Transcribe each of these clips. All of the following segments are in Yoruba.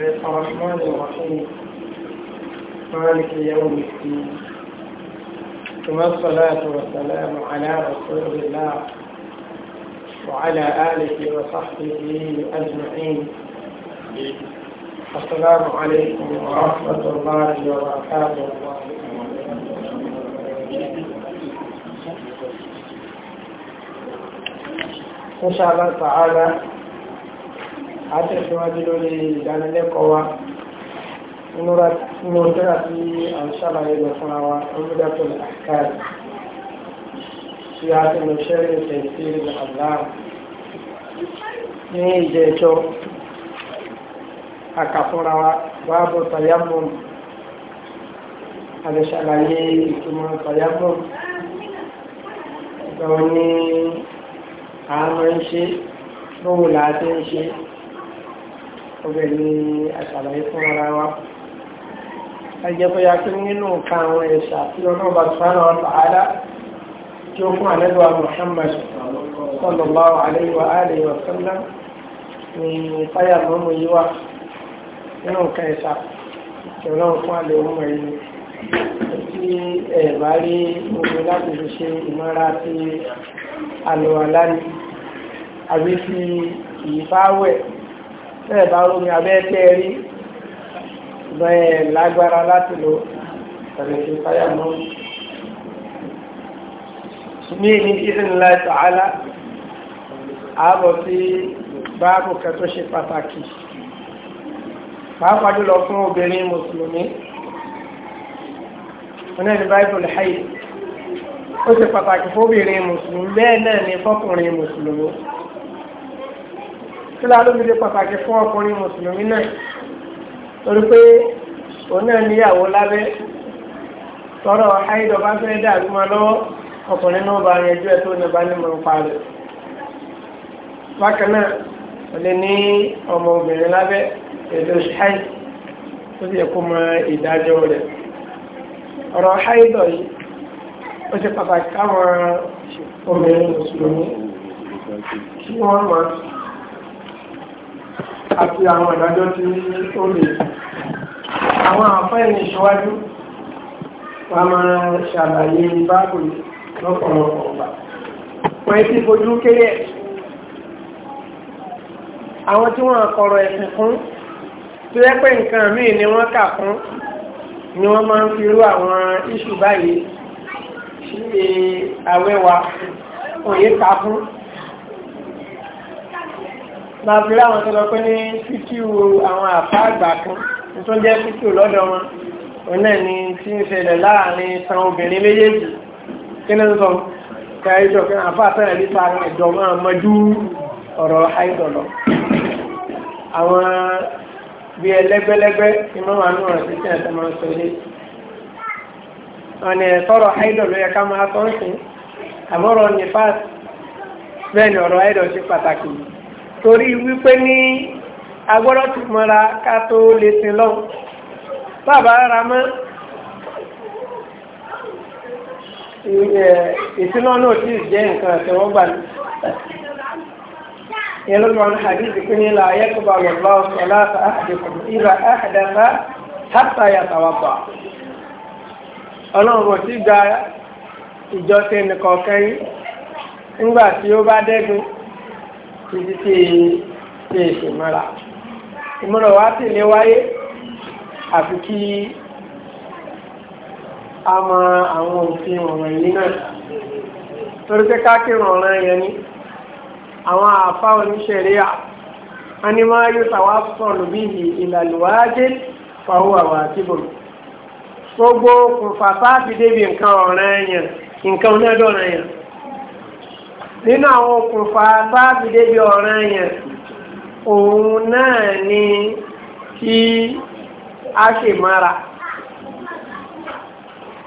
الرحمن الرحيم مالك يوم الدين ثم الصلاة والسلام على رسول الله وعلى آله وصحبه أجمعين السلام عليكم ورحمة الله وبركاته إن شاء الله تعالى àtẹ̀síwájú lórí ìdánilẹ́kọ̀ọ́ wa nínú tírà tí a ń ṣàlàyé lọ fúnra wa olùdásọ̀ àkáàdì tí a ti lọ ṣẹ́rẹ̀ tẹ̀síìrì àláàmù ní ìjẹ́jọ́ àkàfúnra wa báàbò tayamum a lè ṣàlàyé ìtumọ̀ tayamum ìgbà wọn ni a máa ń ṣe bóòlà àti ń ṣe ọbẹ̀ ni àṣàlàyé fún ara wa ajẹ́kọ̀yà kí nínú nǹkan àwọn ẹ̀ṣà tí ọlọ́ọ̀bà sọ́nà ọ̀tàádá tí ó fún àlẹ́gbà Muhammad sallallahu alaihi wa alihi wa sallam ni táyà mọ́mọ́ yí nínú nǹkan ẹ̀ṣà tí ọlọ́run fún àlẹ́ ọmọ yìí bẹ́ẹ̀ bá rómi abẹ́ tẹ́ rí bẹ́ẹ̀ lágbára láti lo ẹ̀rẹ̀ṣẹ̀ fáyà mọ́ ní ní ìrìnlá ìtàhálà ààbọ̀ sí báàbù kan tó ṣe pàtàkì pàápàá jùlọ fún obìnrin mùsùlùmí ọ̀nà ìlú báìbùlù haid ó ṣe pàtàkì fóbìnrin mùsùlùmí bẹ́ẹ̀ náà ni fọ́kùnrin mùsùlùmí kílá lómi lè pàtàkì fún ọkùnrin mùsùlùmí náà torí pé òun náà níyàwó lábẹ́ tọrọ àìdọ̀ bá fẹ́ dàbí máa lọ́wọ́ ọkùnrin náà bá yẹjú ẹ tó nípa ní mọ̀ nípa rẹ̀ bákan náà ó lè ní ọmọ obìnrin lábẹ́ èdè ṣáì tó sì yẹ kó mọ ìdájọ́ rẹ̀ ọ̀rọ̀ àìdọ̀ yìí ó ṣe pàtàkì káwọn obìnrin mùsùlùmí kí wọ́n máa àti àwọn ìdájọ́ tí ó lè àwọn àfẹ́yìn ìṣọ́wájú wọ́n máa ṣàlàyé báàbù lọ́pọ̀lọpọ̀ ọ̀gbà wọ́n ti fojú kéré àwọn tí wọ́n kọ̀rọ̀ ẹ̀sìn fún tó yẹ pé nǹkan míì ni wọ́n kà fún ni wọ́n máa ń fi rú àwọn iṣu báyìí ṣe àwẹ́wà òye kà fún máa fi láwọn tó lọ pé ní fíkíù àwọn àpá àgbà kan tó jẹ́ fíkíù lọ́dọ̀ wọn òun náà ni tí ń ṣẹlẹ̀ láàrin san obìnrin méjèèjì kí ló ń sọ káyọ̀jọ kí àfa àtẹ̀rẹ̀ nípa ẹ̀jọ̀ máa mọjú ọ̀rọ̀ àìsọ̀lọ̀ àwọn bíi ẹlẹ́gbẹ́lẹ́gbẹ́ tí wọ́n wà nù ọ̀rọ̀ títí ẹ̀sẹ̀ máa ń sọ ilé ọ̀nà ẹ̀sọ́rọ̀ àìdọ̀ ló yẹ ká máa tọ́ sí àmọ́rọ̀ nípa bẹ́ẹ̀ ni ọ̀rọ̀ àìdọ̀ ṣe pàtàkì torí wípé ní agbọ́dọ̀ ti mọ́ra ká tó lè sin lọ bàbá rárá mọ́ ìsinà náà tí jẹ́ nǹkan àtẹwọ́gbà ní yẹn lọ́gbà ní hadithi pé ní ilà ayẹ́kọ̀bà lọ́gbà ọ̀sọ̀lá àdìkùn ìbà àdàlá hátà yàtàwàbà ọlọ́run tí nígbà tí ó bá dẹ́gun títí tí ṣe ìṣèmọ́ra ìmọ̀nà wa sì lè wáyé àfi kí a mọ àwọn òfin ọ̀ràn yìí náà torí pé káàkiri ọ̀ràn yẹn ni àwọn àfa oníṣẹ̀ríà animal use our son bihi ìlàlùwájé fàwọn àwọn àtìbọ̀n gbogbo kùnfà fáàbì débi nǹkan ọ̀ràn yẹn nǹkan onídọ̀ràn yẹn. nínú àwọn okùnfà báàbìdé bí ọ̀ràn yẹn òun náà ni kí a ṣe mara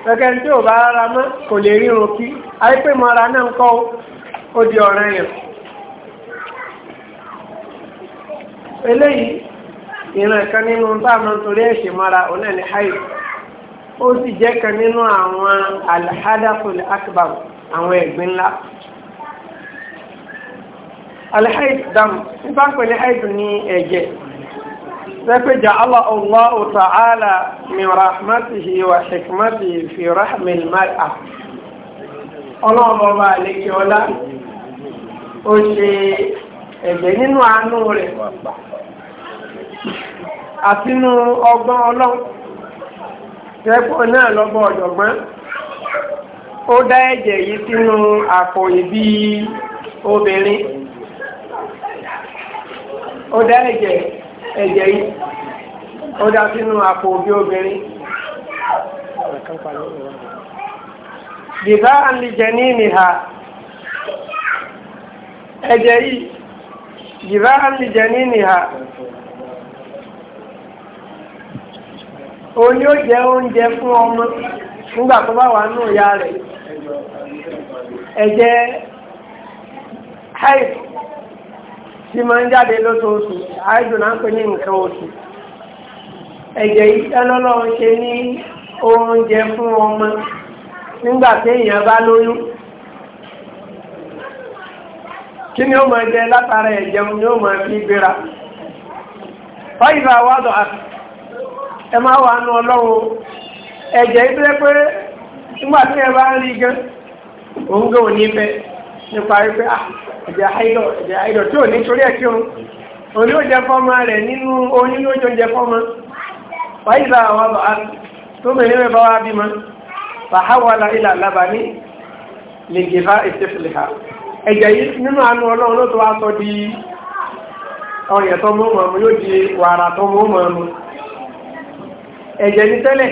gẹ́gẹ́ tí ò bá rárá mọ́ kò lè rírun kí àìpé mara náà kọ́ ó di ọ̀ràn yẹn eléyìí ìran kan nínú táàmù torí ẹ̀ṣẹ̀ mara òun náà ni haid ó sì jẹ́ kan nínú àwọn alhadafu akbar àwọn ẹ̀gbin alhaid dam nípa ń pè ní haid ní ẹ̀jẹ̀ sẹ́pẹ̀ jà allah allah ta'ala min rahmatihi wa hikmatihi fi rahmil mar'a ọlọ́ọ̀bọ̀ bá lékè ọlá ó ṣe ẹ̀jẹ̀ nínú àánú rẹ̀ àtinú ọgbọ́n ọlọ́run tẹ́pọ̀ náà lọ́gbọ́n ọ̀jọ̀gbọ́n ó dá ẹ̀jẹ̀ yìí sínú àpò ìbí obìnrin. ó dá ẹ̀jẹ̀ ẹ̀jẹ̀ yìí ó dá sínú àpò òbí obìnrin. Bìbá àlìjẹ ní ìnìhà ẹ̀jẹ̀ yìí bìbá àlìjẹ ní ìnìhà o ni ó jẹ oúnjẹ fún ọmọ nígbà tó bá wà nù ìyá rẹ̀ ẹ̀jẹ̀ tí máa ń jáde lóṣooṣù àìdùn náà pè ní nǹkan oṣù ẹ̀jẹ̀ ìtẹ́lọ́lọ́ ṣe ní oúnjẹ fún ọmọ nígbà téèyàn bá lóyún kí ni ó máa jẹ látara ẹ̀jẹun ni ó máa fi gbéra wádọ̀ ẹ máa wà nù ọlọ́run ẹ̀jẹ̀ pé nígbà tí ẹ bá ń rí gan òun fẹ́ nípa wípé ah, ẹ̀jẹ̀ àìlọ̀ ẹ̀jẹ̀ àìlọ̀ tí ò ní torí ẹ̀ kí òun òun yóò jẹ fọ́mọ rẹ̀ nínú oyún yóò jọ jẹ fọ́mọ wáyé bá àwọn bàá tó mẹ́rin mẹ́bá wá bímọ mọ́ mọ́ yóò di wàrà tó mọ́ mọ́ mọ́ ẹ̀jẹ̀ ní tẹ́lẹ̀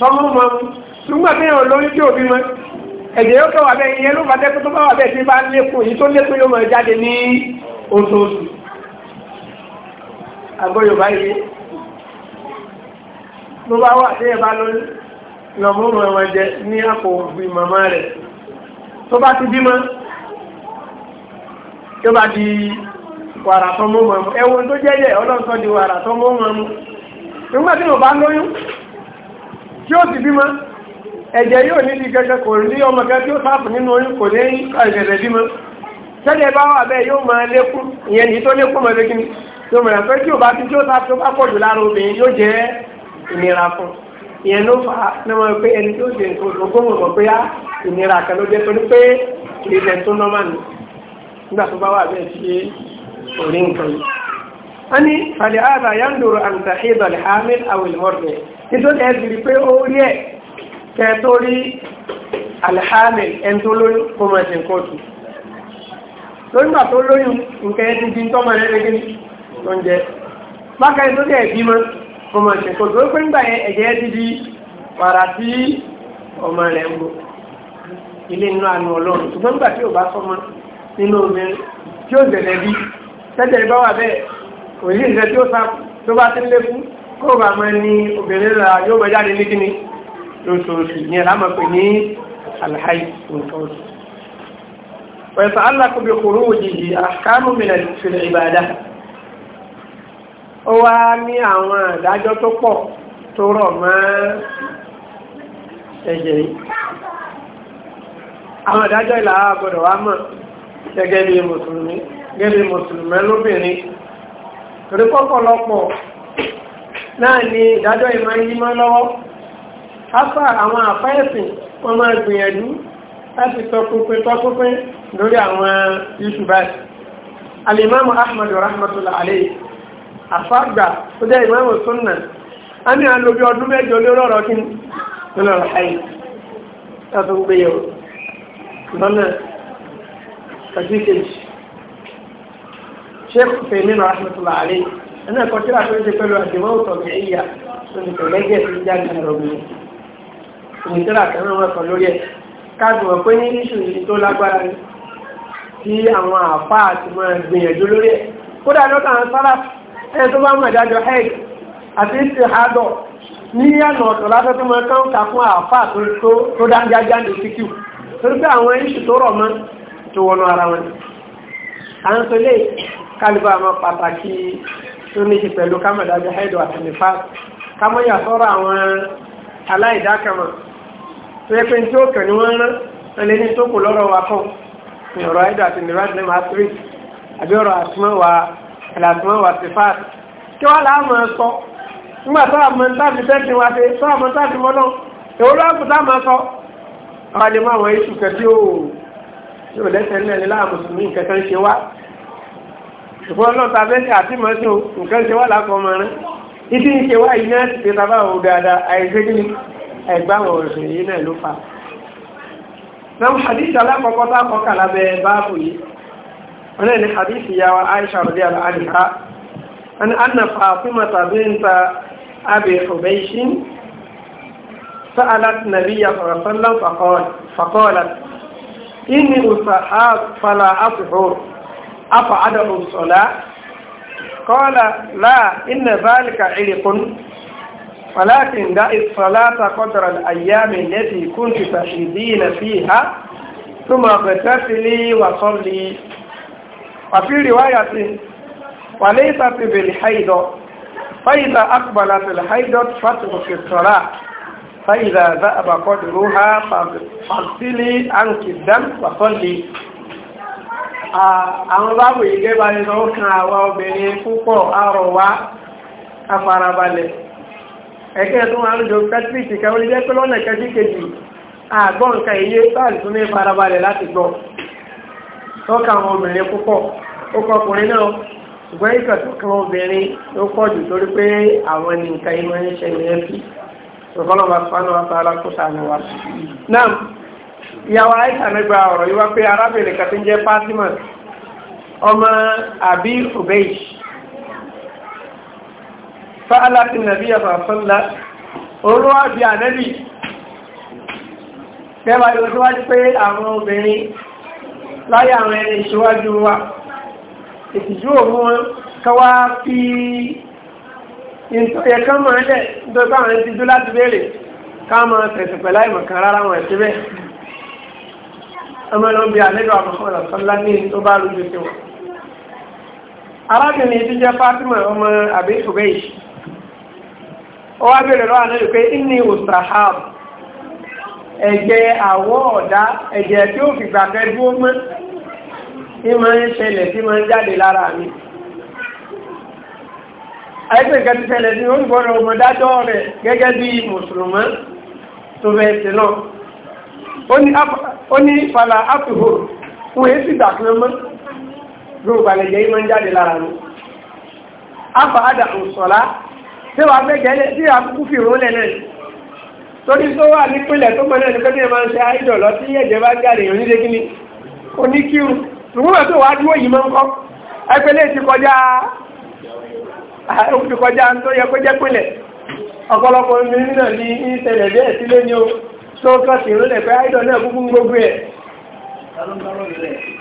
sọmọ mọ nígbà tí yóò lóyún tí òbí mọ ẹ̀jẹ̀ yóò kọ́ wà bẹ́ẹ̀ ìyẹn ló bá dẹ́kun tó bá wà bẹ́ẹ̀ tí bá lékun èyí tó lékun yóò mọ̀ jáde ní oṣooṣù àgọ́ yorùbá yìí ló bá wà tí ẹ bá lóyún lọ́mọ mọ̀ ẹ̀wọ̀n jẹ ní àpò òbí màmá rẹ̀ tó bá ti bímọ tó bá di wàrà tó mọ́ mọ́ ẹ̀wọ̀n tó jẹ́jẹ́ ọlọ́sọ di wàrà tó mọ́ mọ́ nígbà tí mo bá lóyún tí ó ti bímọ ẹ̀jẹ̀ yóò níbi gẹ́gẹ́ kò rí ọmọ gẹ́gẹ́ tí ó sáàpù nínú oyún kò ní ẹ̀rẹ̀rẹ̀ bímọ tẹ́lẹ̀ bá wà bẹ́ẹ̀ yóò máa lékún ìyẹn ní tó lékún mọ̀ lékún tó mọ̀ràn pé tí ó bá ti tí ó sáàpù bá pọ̀ jù lára obìnrin yóò jẹ́ ìnira fún ìyẹn ló fà á ní pé ẹni tó ṣe ògbóhùn mọ̀ pé á ìnira wọ́n ní fàlẹ́ ààbà yá ń lòrò àǹtà hamil awilmọ́rẹ̀ nítorí ẹ bìrì pé ó rí ẹ̀ kẹ́ tó alhamil ẹni tó lóyún kó máa ṣe nǹkan oṣù lórí gbà tó lóyún nǹkan ẹ ti di tọ́mọ rẹ̀ lẹ́gbẹ́ ní oúnjẹ bákan ẹni tó dẹ̀ bímọ kó máa ṣe nǹkan oṣù ó pé nígbà yẹn ẹ̀jẹ̀ ẹ ti di wàrà sí ọmọ rẹ̀ ń bọ̀ ilé inú àánú ọlọ́run ṣùgbọ́n nígbà tí ò bá sọmọ nínú bá wà bẹ́ẹ̀ kò yí nǹkan tí ó sá tó bá ti lé fún kó bá mọ ní obìnrin rà yóò bẹ jáde ní kíni lóṣooṣù ní ẹ̀ lámọ̀ ní alhaji nǹkan oṣù. ويتعلق بخروجه أحكام من في العبادة ó wá ní àwọn àdájọ́ tó pọ̀ tó rọ̀ mọ́ ẹ̀jẹ̀ yìí àwọn àdájọ́ ìlà àgbọ̀dọ̀ wá mọ̀ gẹ́gẹ́ bí mùsùlùmí gẹ́gẹ́ bí mùsùlùmí lóbìnrin torí pọ́pọ̀lọpọ̀ náà ni ìdájọ́ ìmọ̀ yí mọ́ lọ́wọ́ afá àwọn àfá ẹ̀sìn wọ́n máa gbìyànjú láti tọpinpin tọpinpin lórí àwọn iṣu báyìí alimamu ahmadu rahmatullah alayhi afágbà tó jẹ́ imamu sunna a ní àlóbi ọdún mẹ́jọ lórí kí nínú sheikh fèmínú ahmedullah ali ẹni ẹ̀kọ́ tí láti ṣe pẹ̀lú àdìmọ́ òtọ̀ kìíyà lórí tẹ̀lẹ́gẹ̀ tí jáde ẹ̀rọ mi ìwé tí láti ẹ̀rọ ẹ̀kọ́ lórí ẹ̀ káàdì wọ̀ pé ní iṣu yìí tó lágbára ni tí àwọn àfa àti mọ̀ gbìyànjú lórí ẹ̀ kódà lọ́kàn àwọn sára ẹ̀ tó bá mọ̀ ìdájọ́ head àti ìsìnkádọ̀ ní ìyànà ọ̀tọ̀ lásán tó mọ̀ kán kà fún àfa tó dájájá ní síkú torí pé àwọn iṣu tó rọ̀ mọ́ tó wọnú ara wọn à ń sọ kálíbà máa pàtàkì tó ní ṣe pẹ̀lú kámọ̀dájú haidu àti nifas kámọ́yà sọ́rọ̀ àwọn aláìdákàmọ̀ tó yẹ pé tí ó kàn ní wọ́n rán ẹlẹ́ ní tó kù lọ́rọ̀ wa kàn ní ọ̀rọ̀ haidu àti nifas ní matrix àbí ọ̀rọ̀ àtúmọ̀ wa sifas kí wọ́n láà máa sọ nígbà tó àmọ́ táàbí tẹ́sí wa ṣe tó àmọ́ táàbí mọ́nà èwo ló kù táà máa sọ ọ̀rọ̀ àdèmọ́ àwọn iṣu kẹ tí ó lẹ́sẹ̀ ńlẹ̀ ní láàmùsùn ní ìkẹ́kẹ́ ń ṣe wá ìfọwọ́ náà ta bẹ́sẹ̀ àti mọ́tò nǹkan ṣe wà lákọ̀ ọmọ rẹ̀ títí ń ṣe wá yìí náà ti fi sábà wò dáadáa àìsí kí ni ẹgbẹ́ àwọn òṣèlú yìí náà ló fà. náà hadith alákọ̀ọ́kọ́ tá a kọ́ kà lábẹ́ báàbù yìí wọn ní hadith ìyá wa Aisha radiyallahu anha an anna Fatimata binta Abi Hubaysh سألت النبي صلى الله عليه وسلم فقال فقالت إني أصحاب فلا أفا عدم الصلاة قال لا إن ذلك علق ولكن دع الصلاة قدر الأيام التي كنت تشهدين فيها ثم اغتسلي وصلي وفي رواية وليست بالحيض فإذا أقبلت الحيض فاترك الصلاة فإذا ذأب قدرها فاغسلي عنك الدم وصلي àwọn bábù yìí gẹ́gbà nínú ọkàn àwa obìnrin púpọ̀ àrọ̀ wá afarabalẹ̀ ẹ̀kẹ́ tó wà lójó kẹ́tìrìtì kẹwọ́n jẹ́ pé lọ́nà kẹ́tìkejì àgbọ́n nǹkan iye báàlì tún ní farabalẹ̀ láti gbọ́ tọ́ka àwọn obìnrin púpọ̀ ó kọ ọkùnrin náà ṣùgbọ́n ìkọ̀ tó kan obìnrin ló pọ̀ jù torí pé àwọn nǹkan ìmọ̀ ń ṣẹlẹ̀ ẹ̀fì ṣùgbọ́n ọba fánà wa tààrà kó sàánú wa náà ìyàwó àìsà nígbà ọ̀rọ̀ yíwá pé arábìnrin kan tí ń jẹ́ Fatima ọmọ àbí Ubay fa'ala ti nàbí àfàfọ́lá oró àbí ànẹ́bì tẹ́wà yóò tó wájú pé àwọn obìnrin láyé àwọn ẹni ìṣíwájú wa ìtìjú òun kọwa fi ẹ̀kan mọ̀ ẹ́lẹ̀ tó bá àwọn ìtìjú láti béèrè ká mọ̀ tẹ̀sùn pẹ̀lá ìmọ̀kan rárá wọn ẹ̀sẹ̀ bẹ́ẹ̀ ọmọ ẹlọ́bí àlejò àbúkọ̀lọ̀ sọ́lá ní tó bá rújú sí wọn. arábìnrin tí jẹ́ Fatima ọmọ àbí ṣùgbẹ́yì ó wá bèèrè lọ́wọ́ àná pé inni ustrahab ẹ̀jẹ̀ àwọ̀ ọ̀dá ẹ̀jẹ̀ tí ó fìgbà fẹ́ dúó mọ́ tí máa ń ṣẹlẹ̀ tí máa ń jáde lára mi àìsàn ìkẹtù ṣẹlẹ̀ tí ó ń gbọ́dọ̀ ọmọdájọ́ rẹ̀ gẹ́gẹ́ bí tó bẹ̀ẹ̀ sí náà ó ní fàlà àtùhò fún èsì ìdàkùnrin mọ́ gbogbo àlẹ́jẹ́ yìí máa ń jáde lára mi afa ada nsọla tí wàá fẹ́ gẹ́lẹ́ tí àkókò fi rún lẹ̀ náà torí tó wà nípìnlẹ̀ tó gbọ́dọ̀ ti ọ̀pọ̀lọpọ̀ ní ìṣẹ̀lẹ̀ bẹ́ẹ̀ sílé ni tó kọ́sì ìrúlẹ̀ pé idol náà gúgú gbogbo ẹ̀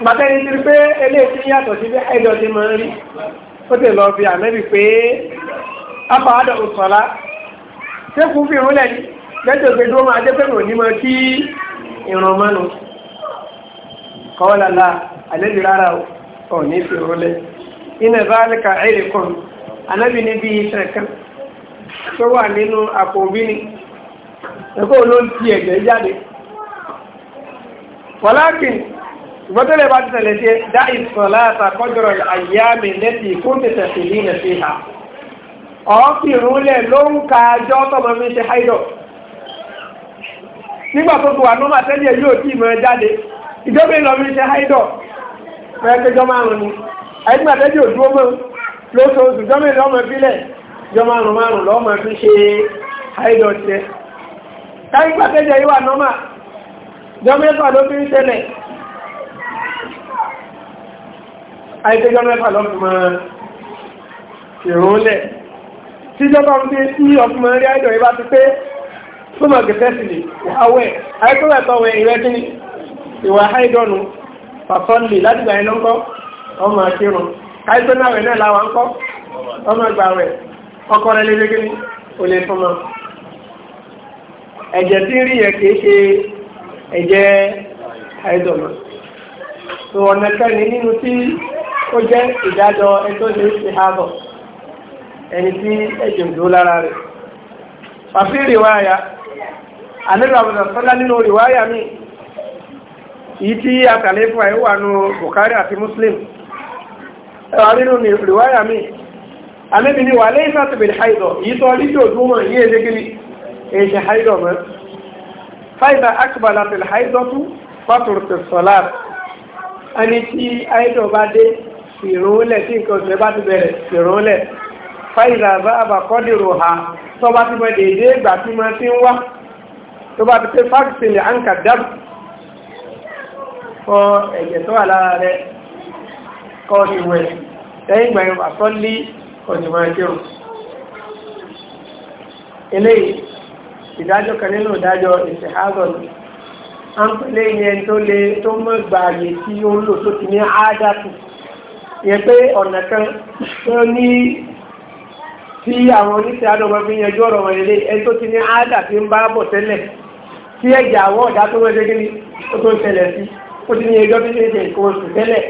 pàtẹ́ni ti rí pé eléyìí ti yàtọ̀ sí bí idol ti máa ń rí ó ti lọ fi àmẹ́bí pé apá àdọ̀ òsọ̀lá ṣé kú fi ìrúlẹ̀ ní lẹ́tọ̀ pé dúró máa jẹ́ pé kò ní mọ kí ìrùn mọ́nu kọ́wọ́lá àlejò rárá ò ní fi ìrúlẹ̀ iná ka ẹ̀rẹ̀ kan iṣẹ́ kan tó wà nínú àpò ẹ̀kọ́ ló ń ti ẹ̀jẹ̀ jáde wọ́láàkì ìgbọ́tẹ̀lẹ̀ bá ti tẹ̀lẹ̀ tí dá ìsọ̀lá àtàkọ́jọ́rọ̀ àyàmì lẹ́tì fún tẹ̀tẹ̀ sí ní ẹ̀sìn ìhà ọ́fì ìrúnlẹ̀ ló ń ka ajọ́ tọmọ mi ṣe háìdọ̀ nígbà tó ti wà ní ọmọ àtẹ́lẹ̀ yóò tí ìmọ̀ jáde ìjọba ìlọ mi ṣe háìdọ̀ pẹ́ẹ́kẹ́jọ́ márùn-ún márùn-ún lọ́mọ fi ṣe háìdọ̀ tiẹ̀ káyí pàtẹ́jẹ ìwà nọ́mà jọmẹ́fà ló fi ń tẹ́lẹ̀ àìsẹ́ jọmẹ́fà ló fi máa ìrúnlẹ̀ tí jọba ń fi sí ọkùnrin rí àìdọ̀ ìbá ti pé súnmọ̀ gẹ̀fẹ́sìlì àwẹ̀ àìkúrẹ̀tọ̀wẹ̀ ìrẹ́kíní ìwà àìdọ̀nù pàtọ́lì látìgbà ẹ̀ lọ́kọ́ ọmọ akírun káìsọ́nà rẹ̀ náà láwa ń kọ́ ọmọ ìgbà rẹ̀ ọkọ̀ rẹ̀ lé ẹ̀jẹ̀ tí rí yẹn kìí ṣe ẹ̀jẹ̀ àìdọ̀mọ̀ tó ọ̀nà kẹrin nínú tí ó jẹ́ ìdájọ́ ẹjọ́ ní ṣe ààbọ̀ ẹni tí ẹ̀jẹ̀ ń dúró lára rẹ̀ fàfí rìwáyà àníbà bọ̀dọ̀ sọ́lá nínú rìwáyà mi yìí tí àkàlẹ́ fún àìwà nù Bukhari àti Muslim ẹwà nínú rìwáyà mi àníbi ni wà lẹ́yìn sátìbìlì àìdọ̀ yìí tọ́ lídò dúnmọ̀ yìí ẹ̀dẹ́gẹ́lì èṣe haidọ̀ mọ́ fáìdà akbala tẹ̀lé haidọ̀ tún pàtùrù tẹ̀ sọ́lá si tí haidọ̀ si dé si tí nǹkan ọ̀sẹ̀ ha tó bá ti mọ dèédé ìgbà tí mo ti ń wá tó bá ti pé fáàkì lè ànkà dábù kọ ẹ̀jẹ̀ tó wà lára ìdájọ́ kan nínú ìdájọ́ ìṣèhágọ́n à ń pèlè yẹn tó lè tó mọ́ gba àyè tí ó lò tó ti ní áádátù yẹn pé ọ̀nà kan tó ní tí àwọn oníṣẹ́ àdọ́gbọ́n fi yanjú ọ̀rọ̀ wọn lélẹ̀ ẹni tó ti ní áádà ń bá bọ̀ tẹ́lẹ̀ tí ẹ̀jẹ̀ àwọn ọ̀dà tó mọ́ ṣe kí ni ó tó ń ṣẹlẹ̀ sí ó ti ní ẹjọ́ tó ṣe ṣe tẹ́lẹ̀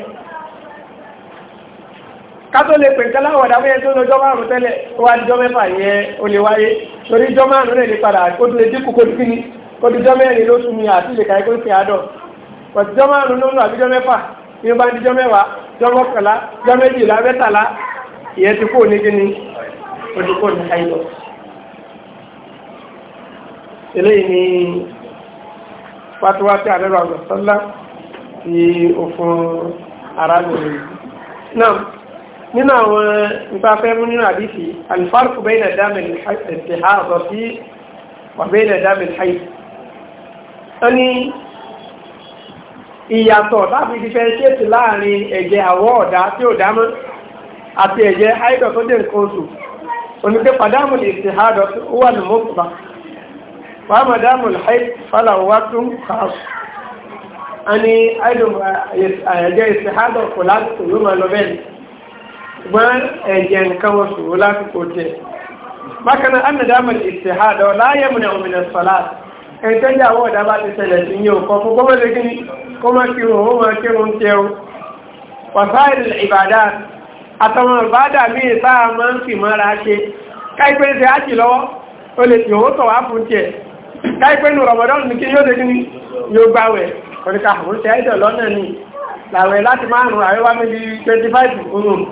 kátó lè pè nǹkan láwọ̀ ọ̀dà bóyá tó ń lọ́jọ́ márùn tẹ́lẹ̀ ó wá dijọ́ mẹ́fà yẹn ó lè wáyé torí ijọ́ márùn náà lè padà kó tó lè dínkù kó dúkìní kó dijọ́ mẹ́rin ló sún mi àti lè káyé kó fi àádọ́ pọ̀tijọ́ márùn ló ń lọ àbíjọ́ mẹ́fà ní bá dijọ́ mẹ́wàá jọ́ mọ́kànlá jọ́ méjìlá mẹ́tàlá ìyẹn ti kó ní kíni ó ti kó ní ayọ̀ eléyìí ni fatiwa tí àdẹ́rọ àgbàsọ́lá ti òfin arábìnrin náà nínú àwọn ìfafẹ́ mú nínú àdífì alfarku bẹ́ẹ̀ na dámẹ̀ ìtìhá ọ̀sọ̀ sí wà bẹ́ẹ̀ na dámẹ̀ ìháì wọ́n ní ìyàtọ̀ láti fífẹ́ ṣètì láàrin ẹ̀jẹ̀ àwọ̀ ọ̀dá tí ó dámọ́ àti ẹ̀jẹ̀ àìdọ̀ tó dẹ̀ nǹkan oṣù onígbé pàdámù lè ti hádọ̀ ó ṣùgbọ́n ẹ̀yẹ nǹkan wọn ṣòro lásìkò jẹ bákan náà ánà dámà ìṣèhádà láyé mìíràn ya sọlá ẹ̀ńtẹ́jà àwọn ọ̀dà bá ti ṣẹlẹ̀ sí yẹn òkọ́ da gini lé kíní kọ́mọ́ kírun ó máa kírun jẹ o wàsáìlì ìbàdà àtàwọn ìbàdà míì sáà máa ń fi mọ́ra kai káìpẹ́ ṣe ájì lọ́wọ́ o lè 25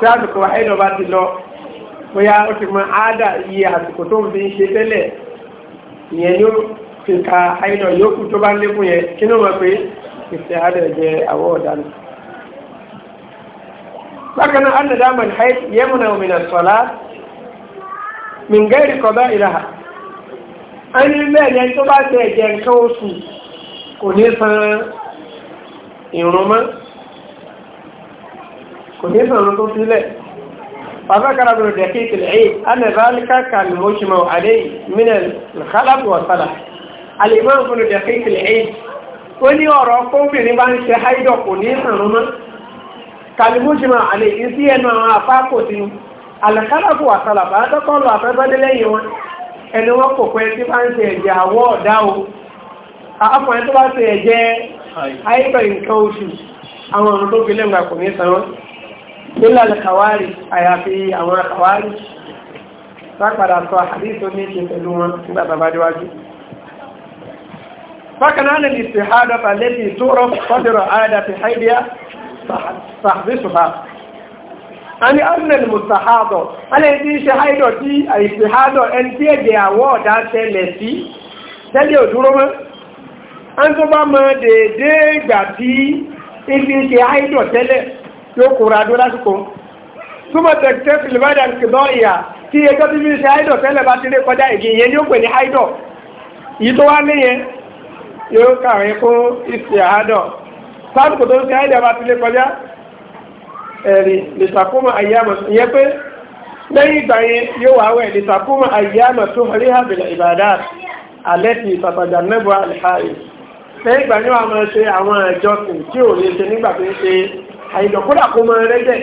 tí àsìkò àìdọ̀ bá ti lọ bóyá ó ti mọ àádà iye àsìkò tó ń fi ṣe tẹ́lẹ̀ ìyẹn ló fi ka àìdọ̀ yòókù tó bá lékún yẹn kí ló mọ̀ pé ìfẹ́ àádọ̀ jẹ àwọ̀ ọ̀dàlù. bákan náà àdàdà àmàlì haid yẹmúnà òmìnà sọ̀lá mìngẹ́rì kọ̀bá ìlàhà a ní bẹ́ẹ̀ ni tó bá tẹ̀ ẹ̀jẹ̀ nǹkan san ìrún kò ní sọ̀rọ̀ tó Fafe fàfẹ́kàrà bẹ̀rẹ̀ dẹ̀kí ana zalika kan mọ́ṣímọ̀ àdé minel khalaf wa sala alimọ́ bẹ̀rẹ̀ dẹ̀kí ìtìlẹ̀ ẹ̀yìn ó ní ọ̀rọ̀ kóbìnrin bá ń ṣe haidọ̀ kò ní sọ̀rọ̀ mọ́ kan mọ́ṣímọ̀ àdé ìsí ẹnu àwọn afáàkò sí alkhalaf wa sala bá tọ́kọ́ lọ afẹ́fẹ́ lẹ́yìn wọn ẹni wọ́n kò pẹ́ tí bá ń bá ṣe ẹ̀jẹ̀ nǹkan oṣù àwọn tó fi lẹ́gbàá kò ní ilẹ̀ kàwárì àyàfi àwọn kàwárì lápàdà sọ àdíso ní ṣe pẹ̀lú wọn nígbà bàbá díwájú bákanáà lè lè ṣe hádọ́ta lẹ́bí tó rọ́ sọ́dọ̀rọ̀ àádà ti haidíyà sàbíṣùhá a ní arnel mustahadọ̀ a lè tí ṣe haidọ̀ tí àìṣehádọ̀ ẹni tí ẹgbẹ̀ àwọ̀ ọ̀dá tẹ́lẹ̀ sí tẹ́lẹ̀ òdúró mọ́ a tó bá mọ́ dédé ìgbà tí ibi ṣe haidọ̀ tẹ́lẹ̀ tí ó kóra dó lásìkò súnmọ́ tẹ̀tẹ́ fìlìmọ́dà kìdọ́ ìyà tí ẹjọ́ bí mi ṣe áìdọ̀ tẹ́lẹ̀ bá ti lé kọjá ìgì ìyẹn ni ó pè ní áìdọ̀ yìí tó wá níyẹn yóò kàwé fún ìsì àádọ̀ sáàtùkù tó ń ṣe áìdọ̀ bá ti lé kọjá ẹ̀rì lìṣàkómọ àyíyámọ̀ ìyẹn pé lẹ́yìn ìgbà yẹn yóò wá wẹ̀ lìṣàkómọ àyíyámọ̀ tó rí hàbìlẹ̀ ìbàdà alẹ́ ti ìfàtàjà mẹ́bọ̀ àlẹ́ àìdọ̀ kódà kó máa rẹ́jẹ̀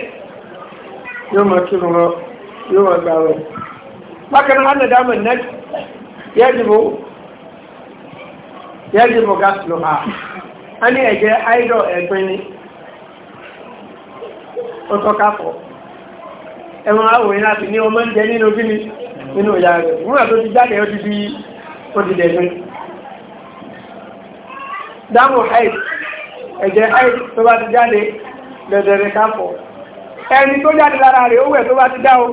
yóò máa kí wọn yóò máa gbà wọn. bákan náà hánà nẹ́ẹ̀tì yẹ́dìbò yẹ́dìbò gáàsì ló hà á ní ẹ̀jẹ̀ àìdọ̀ ni ẹ̀wọ̀n àwòrán láti ní ọmọ ń jẹ nínú kíni nínú ìyá rẹ̀ wúrà tó ti jáde ó ti di ó ti àìdọ̀ ẹ̀jẹ̀ àìdọ̀ tó bá ti dẹ̀dẹ̀rẹ̀ káfọ̀ ẹni tó jáde lára rẹ̀ owó ẹ̀ tó bá ti dá o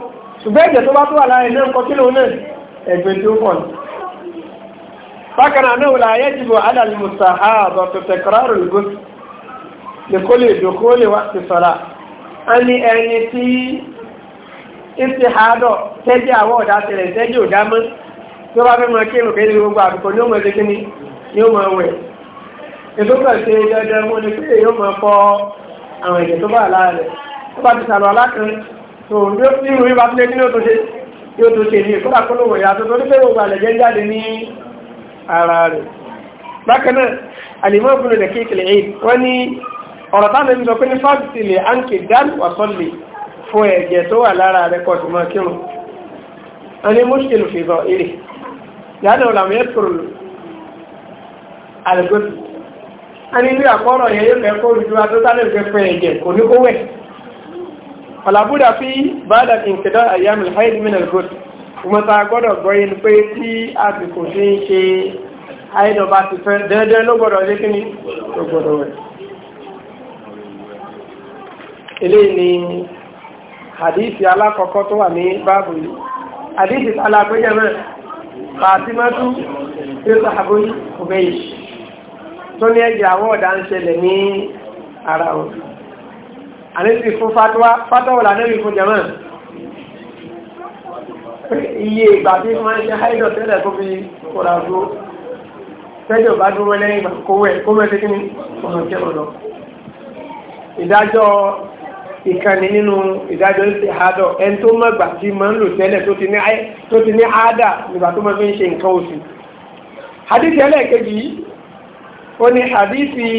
ṣùgbọ́n ẹ̀jẹ̀ tó bá tó wà lára ilé ńkọ kílò náà ẹ̀gbẹ́ tí ó pọ̀ ní. bákan náà wò láyé jìbò alàlì musa a àwọn ẹ̀jẹ̀ tó bá wà lára rẹ̀ tó bá ti sàlọ̀ alákùnrin tó ń dúró nínú ìwà tó lé ní yóò tó ṣe yóò tó ṣe ní ìkọ́lá kó lówó ìyá tó tó ní pé gbogbo àlẹ̀jẹ́ jáde ní ara rẹ̀ bákan náà àlìmọ́ ìbúrò lè kéèkì lè wọ́n ní ọ̀rọ̀ táwọn ẹni sọ pé ní fásitì lè áńkì dán wàsọ́lì fún ẹ̀jẹ̀ tó wà lára rẹ̀ kọ̀ sí máa kírun wọ́n ní mùsùlùmí fi bọ̀ èrè yàtọ̀ làwọn àlùgọ́sì a ní ilé àkọ́rọ̀ yẹn yóò lẹ́kọ́ olùdúwà tó sálẹ̀ ìfẹ́fẹ́ ẹ̀jẹ̀ kò ní kó wẹ̀ ọ̀làbúdà fi bàdà ìkẹ̀dá àyàmì haid minal gold ọmọta gbọ́dọ̀ gbọ́yé ní pé tí àsìkò sí ń ṣe àìdọ̀bá ti fẹ́ dẹ́ẹ̀dẹ́ ló gbọ́dọ̀ lé kí ní tó gbọ́dọ̀ wẹ̀ ilé ni hadith alákọ̀ọ́kọ́ tó wà ní báàbù yìí hadith alágbẹ́jẹ̀ mẹ́rin fàtímọ́tú tí ó sàbóyí tó ní ẹ̀jẹ̀ àwọn ọ̀dà ń ṣẹlẹ̀ ní ara wọn àníbi fún fátọ́wọ̀lá níbi fún jẹ́mọ́ iye ìgbà tí wọ́n ń ṣe haidọ̀ tẹ́lẹ̀ kó fi kóra dúró tẹ́jọ̀ bá dúró lẹ́yìn ìgbà kówẹ̀ kó mẹ́sẹ̀ ni ọmọ kẹrọ lọ ìdájọ́ ìkànnì nínú ìdájọ́ ìṣe àádọ́ ẹni tó mọ̀gbà tí máa ń lò tẹ́lẹ̀ tó ti ní àádà nígbà tó máa fi ń ṣe nǹkan oṣù hadith ẹlẹ́ẹ̀kejì ó ní hadithi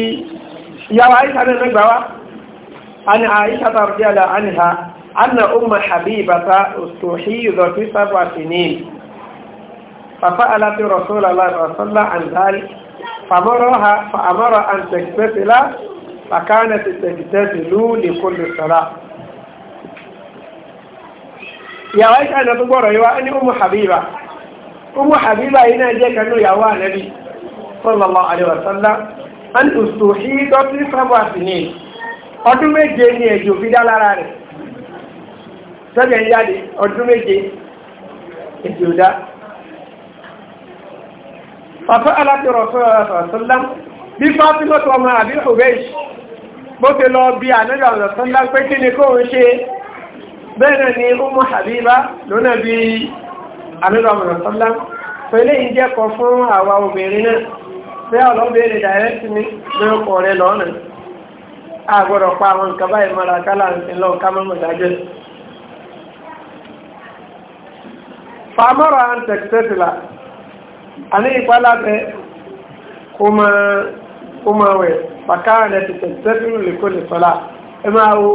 ìyàwó àìsà náà mẹ́gbà wá a ní àìsà tàbí díàlà àníhà anna umma habibata ustuhidu fi sab'a sinin ففعلت رسول الله صلى الله عليه وسلم فأمرها فأمر أن تكتسل فكانت تكتسل لكل صلاة يا ويك أنا تقول يا أني أم حبيبة أم حبيبة هنا جاك أنه يا نبي sallallahu alaihi wasallam an ustuhi dọ́tí sábà sí ní ọdún méje ní ẹ̀jẹ̀ òfin dá lára rẹ̀ sẹ́bẹ̀ ń jáde ọdún méje ẹ̀jẹ̀ òdá fàfẹ́ alátẹ̀rọ̀ sọ́lọ́sọ́lọ́m bí fásimọ́ tó ọmọ àbí ọ̀bẹ́ṣì bó ti lọ bí ànẹ́lẹ̀ ọ̀sọ́lọ́m pé kí ni kó ń ṣe bẹ́ẹ̀rẹ̀ ni Ummu Habiba lónà bí ànẹ́lẹ̀ ọ̀sọ́lọ́m pẹ̀lẹ́ ìjẹ́kọ̀ fún àwa obìnrin náà pé ọ̀nà béèrè dàrẹ́tì mi lórí ọkọ̀ rẹ lọ́nà àgbọ̀dọ̀ pa àwọn nǹkan báyìí mọ́ra kálá ńlọ ká mọ́mọ́ dájọ́ fàmọ́rọ̀ àwọn tẹ̀kítẹ́tìlà àní ìpálàfẹ́ kó máa wẹ̀ pàkárà rẹ̀ ti lè sọ́lá ẹ máa wo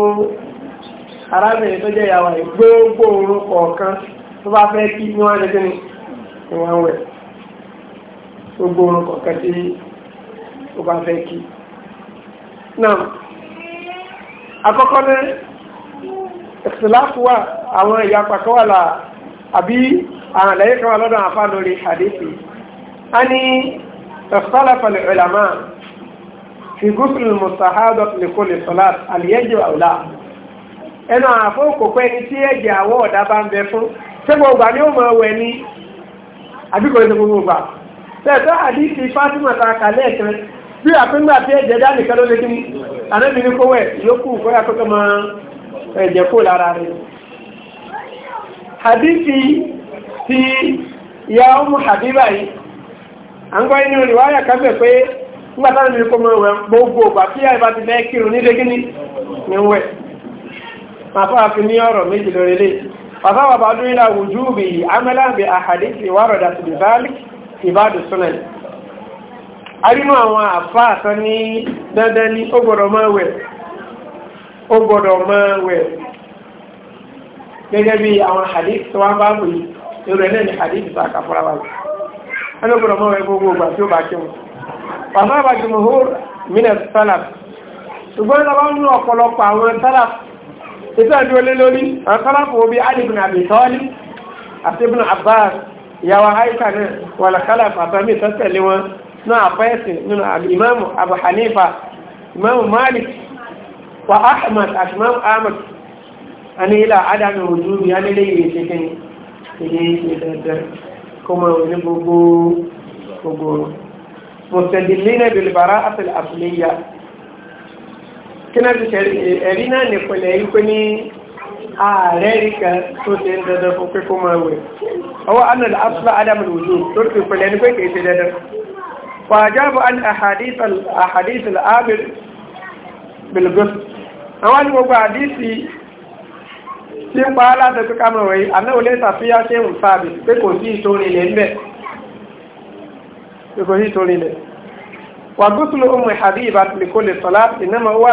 arábìnrin tó jẹ́ gbogbo orun kọ̀ọ̀kan tí ó bá fẹ́ kí náà akọ́kọ́ ní ìsìláàfù wà àwọn ìyapa kan wà láà àbí àwọn àlàyé kan wà lọ́dọ̀ àfá lórí hadithi a ní ìsìláàfàlẹ̀ ìlàmà fi gúúsùn mùsàhádọ̀ nìkólè sọ́lá àlìyẹ́jẹ̀ àwùlá ẹnu àfọ́ òkòkò ẹni tí ẹ̀jẹ̀ àwọ̀ ọ̀dá bá ń bẹ fún ṣé gbogbo àní ó mọ̀ ọ̀wẹ̀ ní àbíkọ̀ ẹni gbogbo gbà tẹ̀tọ́ àdìsí Fátímà ta kàlẹ́ ẹ̀kan bí àpéǹgbà tí ẹ̀jẹ̀ dá nìkan ló lé kí ni ànábì ní kówó ẹ̀ yókù kóyà kókó máa ẹ̀jẹ̀ kó lára rẹ̀. àdìsí ti ìyá ọmọ Habiba yìí à ń gbọ́ inú ìwáyà kábẹ̀ pé ńgbà táwọn ìlú kó máa wẹ̀ gbogbo ògbà tí àìbá ti fẹ́ kírun ní lé kí ni ní wẹ̀. màfá àfi ní ọ̀rọ̀ méjì lórí lé bàbá bàbá dúró ìbádù súnẹ̀ arínú àwọn àfá àtọ́ ní dandan ní ó gbọ́dọ̀ máa wẹ̀ ó gbọ́dọ̀ máa wẹ̀ gẹ́gẹ́ bí àwọn hadith tó wá bá bù yìí èrò ẹ̀lẹ́ ní hadith tó àkàfọ́ra wáyé ẹni ó gbọ́dọ̀ máa wẹ̀ gbogbo ìgbà tí ó bá kí wọn pàmò àbájú mohur minas salaf ṣùgbọ́n lọ́wọ́ ń ọ̀pọ̀lọpọ̀ àwọn salaf ìtàdúró lé lórí àwọn salaf wo bí Ali àti ibn Abbas ìyàwó aisha náà wàlá kálàfà àtàmì tọ́tẹ̀lé wọn náà àpẹ́ẹ̀sì nínú ìmáàmù abu hanifa ìmáàmù malik wa ahmad àti ìmáàmù ahmad a ní ilà adam ìrùjúbi a nílé ìwé ṣẹkẹ́ ní ilé ìṣẹ́ dandan kó mọ̀ ààrẹ ríkà tó ṣe ń dandan fún pé kó máa wẹ̀ ọwọ́ annal asla adamul wudu tó rí pẹ̀lẹ̀ ní pé kìí ṣe dandan fàájábọ̀ an ahadith al'abir bilgus àwọn ní gbogbo àdísì tí ń pa aláta tó kámọ̀ wẹ̀ anáwò lè sàfíyá ṣe ń fàbí pé kò sí ìtorí ilẹ̀ ń bẹ̀ kò sí salat inama huwa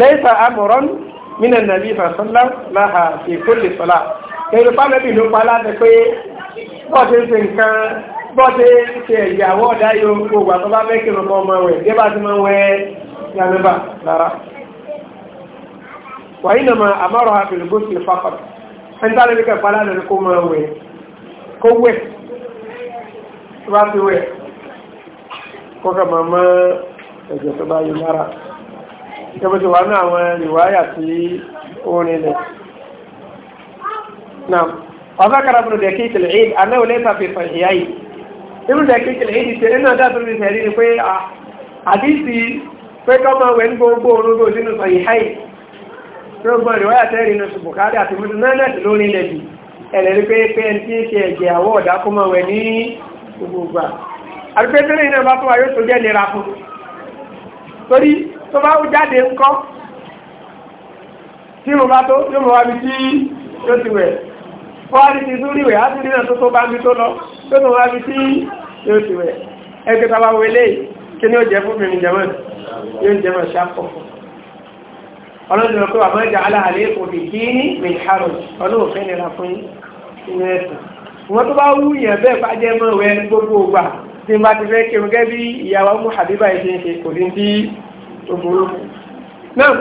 lẹ́yìn àmọ̀rán mínà nàbí ìfàsọ́lá láhà fi kó lè sọ́lá ẹ̀rọ pálẹ́bì ló pa láti pé bọ́ọ̀dé ṣe nǹkan bọ́ọ̀dé ṣe ìyàwó ọ̀dá yóò gbogbo àtọ́bá fẹ́ kí ọmọ ọmọ rẹ̀ dé bá ti máa wẹ́ yàmẹ́bà lára wàyí nàmà àmọ́rọ̀ àbìlúgbò sí fàkọ̀t ẹni tàbí ní kẹfà lánàá kó máa máa ẹ̀jẹ̀ tó bá yìí lára gẹ́gẹ́ tí wà ní àwọn ìwáyà tí ó nílẹ̀ náà وذكر ابن دقيق العيد أنه ليس في صحيحي ابن دقيق العيد سيرنا داتر في سيرين في حديثي في كما وين بو بو نو دين صحيحي ربما رواية تيرين في بخاري أتمنى نانا لوني لدي ẹlẹ́rí pé pnt ṣe ẹ̀jẹ̀ àwọ̀ ọ̀dá kó mọ̀ wẹ̀ ní gbogbo àgbà àti pé tẹ́lẹ̀ iná bá tó wáyé tó jẹ́ nira fún torí tó bá ó jáde ńkọ́ tí mo bá tó yóò mọ̀ wá bí tí yóò ti wẹ̀ fọ́wárí ti tún ríwẹ̀ á ti rí náà tó tó bá ń bí tó lọ tó tó wá bí tí yóò ti wẹ̀ ẹgbẹ́ tàbá wẹlé kí ni ó jẹ́ fún mìíràn jẹ́mọ̀ yóò jẹ́mọ̀ ṣàpọ̀ ọlọ́dún ọkọ̀ àmọ́ ìjà aláhàlẹ́ kò fi kí ní mìíràn ọlọ́run fẹ́ nira fún yín nínú ẹ̀sìn wọn tó bá wú yẹn bẹ́ẹ̀ bá jẹ́ mọ́ wẹ gbogbo ògbà tí n bá ti fẹ́ kírun gẹ́gẹ́ bí ìyàwó mú àbíbá ìṣe ṣe kò sí tí ó burú. náà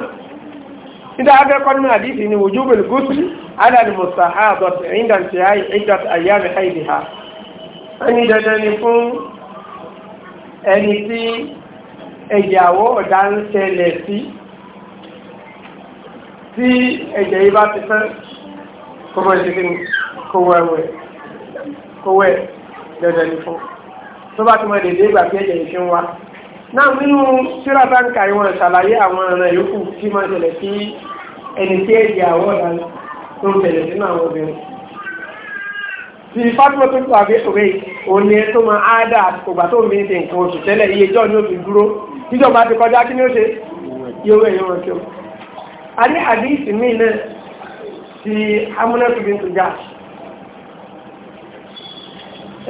níta afẹ́ kọ́ nínú àdìsí ni ojú bẹ̀rẹ̀ gúúsù alàlù mùsà ha àbọ̀tẹ̀ ìdàǹtì ìdàǹtì àyà mi àìdì ha. wọ́n ní dandan ni fún ẹni tí ẹ̀yàwó ọ̀dà ń ṣẹlẹ̀ sí tí ẹ̀jẹ̀ yìí bá ti fẹ́ kọ́mọ̀ ìṣẹ́kí kówó ẹ̀wẹ̀ kówó dandan ni fún tó bá ti mọ èdè ìgbà tí ẹ̀jẹ̀ ìṣẹ́ ń wá náà nínú síra táǹkà ìwọ̀n ìṣàlàyé àwọn ọ̀rẹ́ yòókù tí máa tẹ̀lẹ̀ sí ẹni tí ẹ̀jẹ̀ àwọ̀ ọ̀dà tó ń tẹ̀lẹ̀ sínú àwọn obìnrin ti fátímọ̀ tó kọ àbí òwe òní tó máa áádà àtìkògbà tó ń bí ní nǹkan oṣù tẹ́lẹ̀ iye jọ́ ni ó fi dúró níjọba ti kọjá kí ni ó ṣe yóò ẹ̀yọ́ wọn kí o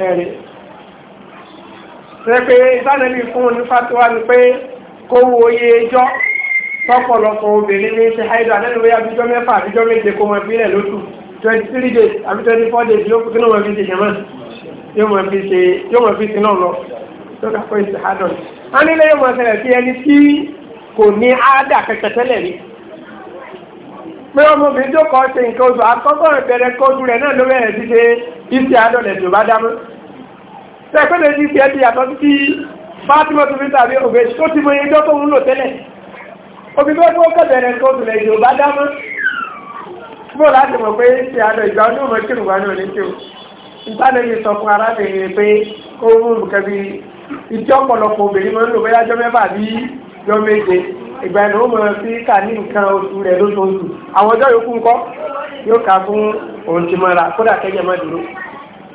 a ṣe pé ìsánẹ́bí fún onífàtíwá ni pé kó wo iye ẹjọ́ tọ́pọ̀lọpọ̀ obìnrin ní ṣe haida lẹ́nu wáyé abíjọ́ mẹ́fà abíjọ́ méje kó mọ ìpínlẹ̀ lóṣù 23 days àbí 24 days yóò kí náà fi ṣe jẹ́mọ́ yóò mọ̀ fi ṣe náà lọ tó kàkọ́ ìṣe hadron. a nílé yóò mọ̀ ṣẹlẹ̀ sí ẹni tí kò ní áádà kẹkẹ tẹ́lẹ̀ rí pé ọmọbìnrin tó kọ́ ṣe nǹkan oṣù àkọ́kọ́ ìbẹ̀rẹ̀ kọjú rẹ̀ náà ló bẹ̀rẹ̀ sí ṣe iṣẹ́ adọ́lẹ̀ tó bá dámọ́ tẹ́kọ́dẹ̀ ní ti ẹbí àtọ́ títí fátímọ̀ tó fi tàbí ọ̀gbẹ̀ tó ti mọ ẹjọ́ tó ń lò tẹ́lẹ̀ omi tó tó kẹ̀bẹ̀rẹ̀ tó tùlẹ̀ yóò bá dámọ́ mọ́ láti mọ̀ pé ṣe àdọ̀ ìgbà ọdún mọ̀ kí nùgbà náà ní tí ó ìtànẹ́bí sọ fún arábìnrin pé ó mú nùkẹ́bí ìjọ ọ̀pọ̀lọpọ̀ obìnrin mọ́ ń lò bẹ́yà jọ mẹ́fà bí jọ méje ìgbà ẹ̀nà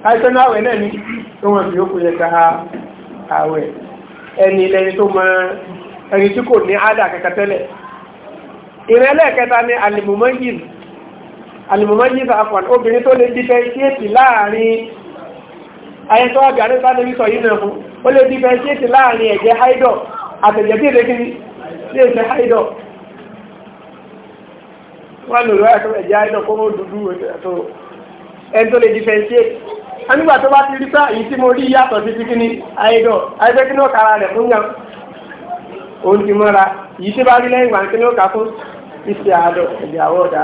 àìsànú àwẹ̀ náà ni tó wọ́n fi ó kò yẹ ká àwẹ̀ ẹni lẹ́ni tó mọ ẹni tí kò ní ádà kẹta ìrẹ́lẹ̀ kẹta ni alìmọ̀mọ́yìí alìmọ̀mọ́yìí àfọ̀n obìnrin tó lè dífẹ́ńṣíètì láàrin ayẹtọ́ àbí àrísá lórí sọ yìí náà fún ó lè dífẹ́ńṣíètì láàrin ẹ̀jẹ̀ haidọ̀ àtẹ̀jẹ̀ bí ìrẹ́kiri sí ẹ̀jẹ̀ haidọ̀ wọ́n lò lọ́yà tó ẹ̀jẹ̀ haidọ̀ kó mọ́ dúdú ẹ̀tọ́ ẹni tó lè dífẹ́ńṣíètì nígbà tó bá ti rí pé èyí tí mo rí yàtọ̀ sí kíkí ni àìdọ̀ àìdọ̀ kí ni ó kára rẹ̀ fún yàn òun ti mọ́ra èyí tí bá rí lẹ́yìn ìgbà kí ni ó kà fún ìṣe àádọ́ ẹ̀dẹ̀ àwọ̀ ọ̀dà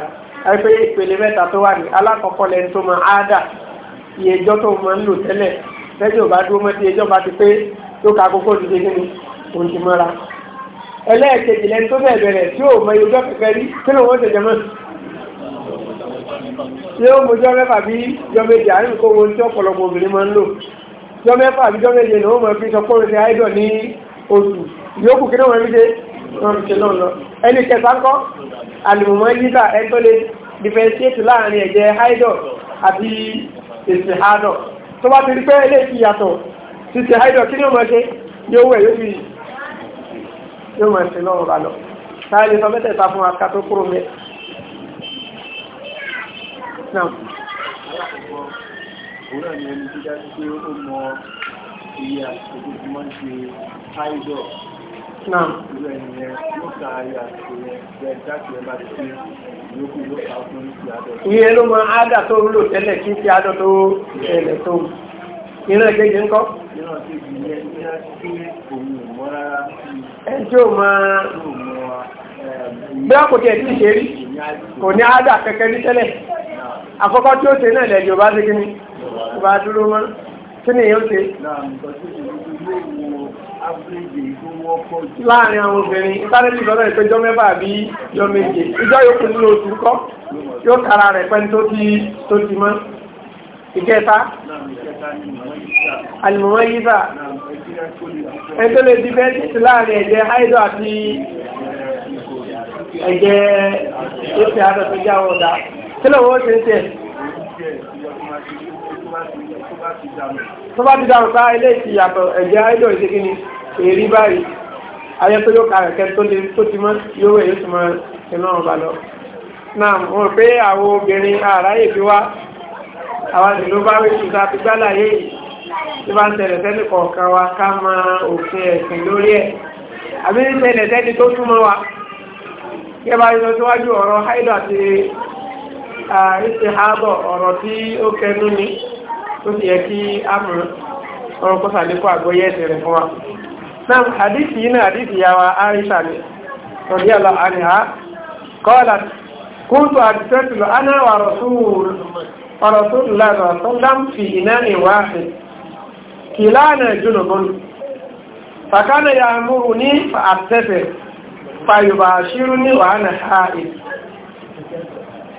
àìpé ìpele mẹ́ta tó wà ní alákọ̀ọ́kọ́ lẹ́ni tó máa á dà ìyẹjọ́ tó máa ń lò tẹ́lẹ̀ lẹ́jọ́ bá dúró mọ́tí ẹjọ́ bá ti pé tó ka kókó ti ṣe kí ló ṣé ó mojọ́ mẹ́fà bí jọ́méjì àárín kó wọn tí ọ̀pọ̀lọpọ̀ obìnrin máa ń lò jọ́ mẹ́fà bí jọ́méjì ni ó mọ̀ fi sọ pé òun ṣe áìdọ̀ ní oṣù yòókù kí wọ́n fi ṣe wọ́n fi ṣe náà lọ ẹni kẹta ń kọ́ àlùmọ̀mọ́ yíta ẹ tó lè dìfẹ́ńṣíétì láàrin ẹ̀jẹ̀ áìdọ̀ àti èsì áàdọ̀ tó bá ti rí pé eléyìí yàtọ̀ ti ṣe áìdọ̀ kí ni ó mọ̀ yóò wẹ̀ ṣe lọ́wọ́ lọ táyà lè sọ mẹ́tẹ̀ẹ̀ta fún akátó kúrò mẹ́ta náà alákọ̀ọ́ òun náà ni ẹni tó dájú pé ó mọ iye àsìkò tó ti máa ń ṣe áìdọ̀ náà irú ẹni yẹn yóò ka ayé àsìkò yẹn bẹ́ẹ̀ dájú ẹ bá ti ṣe ìyókù yóò ka ìyẹn ló máa ádà tó ń tẹ́lẹ̀ kí ti àdọ̀ tó ṣẹlẹ̀ tó ìran ìkejì ńkọ́. ìran ìkejì yẹn ní a tí ṣe rí kò ní ádà kẹ́kẹ́ ní tẹ́lẹ̀ àkọ́kọ́ tí ó ṣe náà lẹ́jọ bá ṣe kí ni bá dúró mọ́ kí ni yóò ṣe. láàrin àwọn obìnrin ìtàlẹ́tì lọ́dọ̀ ìpéjọ mẹ́fà bí yọ méje ìjọ yòókù nínú oṣù kọ́ yóò kára rẹ̀ pẹ́ni tó ti tó ti mọ́. ìkẹta àlùmọ́ yíbà ẹni tó lè di bẹ́ẹ̀ láàrin ẹ̀jẹ̀ haido àti ẹ̀jẹ̀ ètò àtọ̀tọ̀jà ọ̀dà kí ló wọ́n ṣe ń tẹ̀. tó bá ti dàrú pa ilé ti yàtọ̀ ẹ̀jẹ̀ àìdọ̀ ìṣe kí ni èrí báyìí ayé tó yóò ka kẹ̀kẹ́ tó lè tó ti mọ́ yóò wẹ̀ yóò ti mọ́ iná ọba lọ. náà mo rò pé àwọn obìnrin àráyè fi wá àwọn ìlú bá wí ṣùgbọ́n àti gbálàyé yìí tí bá ń tẹ̀lẹ̀ tẹ́lẹ̀ kọ̀ọ̀kan wa ká àìsí ààbọ̀ ọ̀rọ̀ tí ó kẹnu ni ó sì yẹ kí a mọ̀ ọ̀rọ̀ kó sàlékún àgbọ́yé ẹ̀sẹ̀ fún wa náà àdìsí iná àdìsí yàwá àìsà ni ọ̀dí àlọ́ àníhá kọ́ọ̀lá kúntù àdìsẹ́tùlù anáwà rọ̀súùlùlá rọ̀súùlám fi iná ìwáhì kìláàna jùlọ̀bọ̀n fàkánà yà múrù ní fàtẹ́fẹ̀ fàyùbà ṣírú ní wàhánà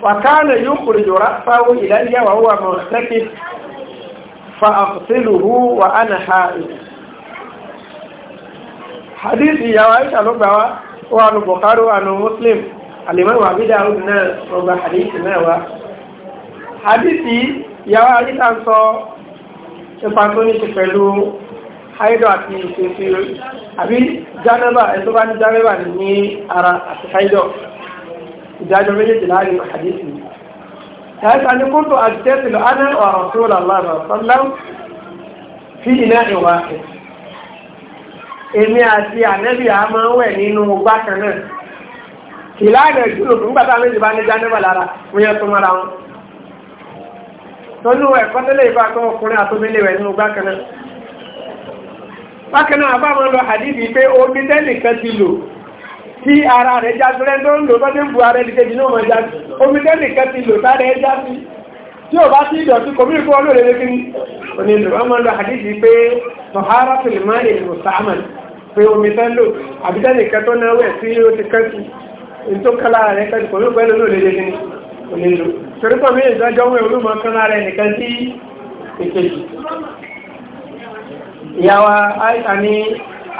وكان يخرج رأسه إلي وهو مرتكب فأغسله وأنا حائل حديث يا عائشة لبوا وعن البخاري وعن مسلم الإمام أبي داود نا ربا حديث نا حديث يا عائشة sọ ipa tó ní ṣe pẹ̀lú haidu àti ìṣẹ́sí àbí jánẹ́bà ẹ̀tọ́ bá ní jánẹ́bà ìdájọ́ méjèèjì láàrin àdéhùn ẹ̀ẹ́ta ní kúrò àjẹ́sìlò ánà ọ̀rọ̀ tó lọ́lọ́rọ̀ sọ́lá fi iná ìwà ẹ̀ èmi àti ànẹ́bì a máa wẹ̀ nínú bákan náà kì láàrin ìjúlò fún gbàtà méjì bá ní jánẹ́bà lára wọ́n yẹ tó mara wọn tọ́lú ẹ̀kọ́ tẹ́lẹ̀ ìbá tó ọkùnrin àtọ́bílẹ̀ wẹ̀ nínú bákan náà bákan náà bá lọ àdíbi pé omi tẹ́nìkan ti lò tí ara rẹ̀ já sí rẹ̀ tó ń lò tọ́jú bu ara ẹni kejì náà mọ̀ já sí omi tẹ́lì kan ti lò sáré já sí tí ò bá sí ìdọ̀tí kòmí ìkó ọlọ́rẹ̀ lé kí ni onílò wọn máa ń lo àdíjì pé mọ̀hárá tó lè má lè lò sáàmàn pé omi tẹ́ lò àbí tẹ́lì kan tó náwó ẹ̀ sí ó ti kẹ́sì ní tó kálá rẹ̀ kẹ́sì kòmí ìkó ọlọ́rẹ̀ lé kí ni onílò torí pọ̀ mí ìdájọ́ wọn olúmọ kan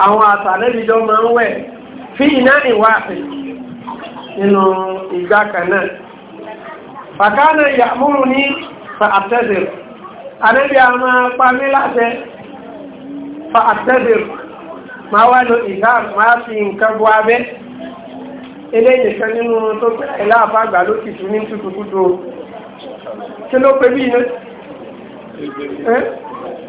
àwọn àtàlẹ́bìjọ máa ń wẹ̀ fi iná ìwáàfẹ́ nínú ìgbà kan náà bàkánà ìyàmúrù ní fa'atẹ́bìr anẹ́bí a máa pàmí láti fa'atẹ́bìr ma wá lọ ìdáàmù máa fi nǹkan bú abẹ́ ilé ìdíkan nínú tó pẹ̀lá ilá àbágbà ló ti tún ní tutukutu kí ló pẹ̀ bí iná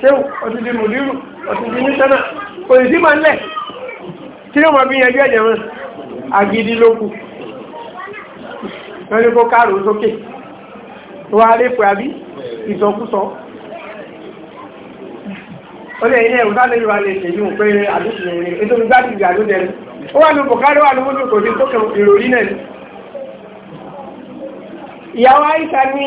ṣéwù ọtí di mùdírù ọtí di mísánà kò sì sí máa ń lẹ̀ kí ló máa fi yanjú ẹ̀jẹ̀ wọn agidi ló kù lórí kó kárò sókè tó wá lè pè àbí ìsọkúsọ ó lè ilé ìwúta lè wà lè ṣe yíò pé àdúgbò ìrìn ètò ìgbàdì ìgbà ló dẹnu ó wà ní bùkárí wà ní mọ́tò kò sí tó kẹ ìròrí náà ìyàwó àìsàn ní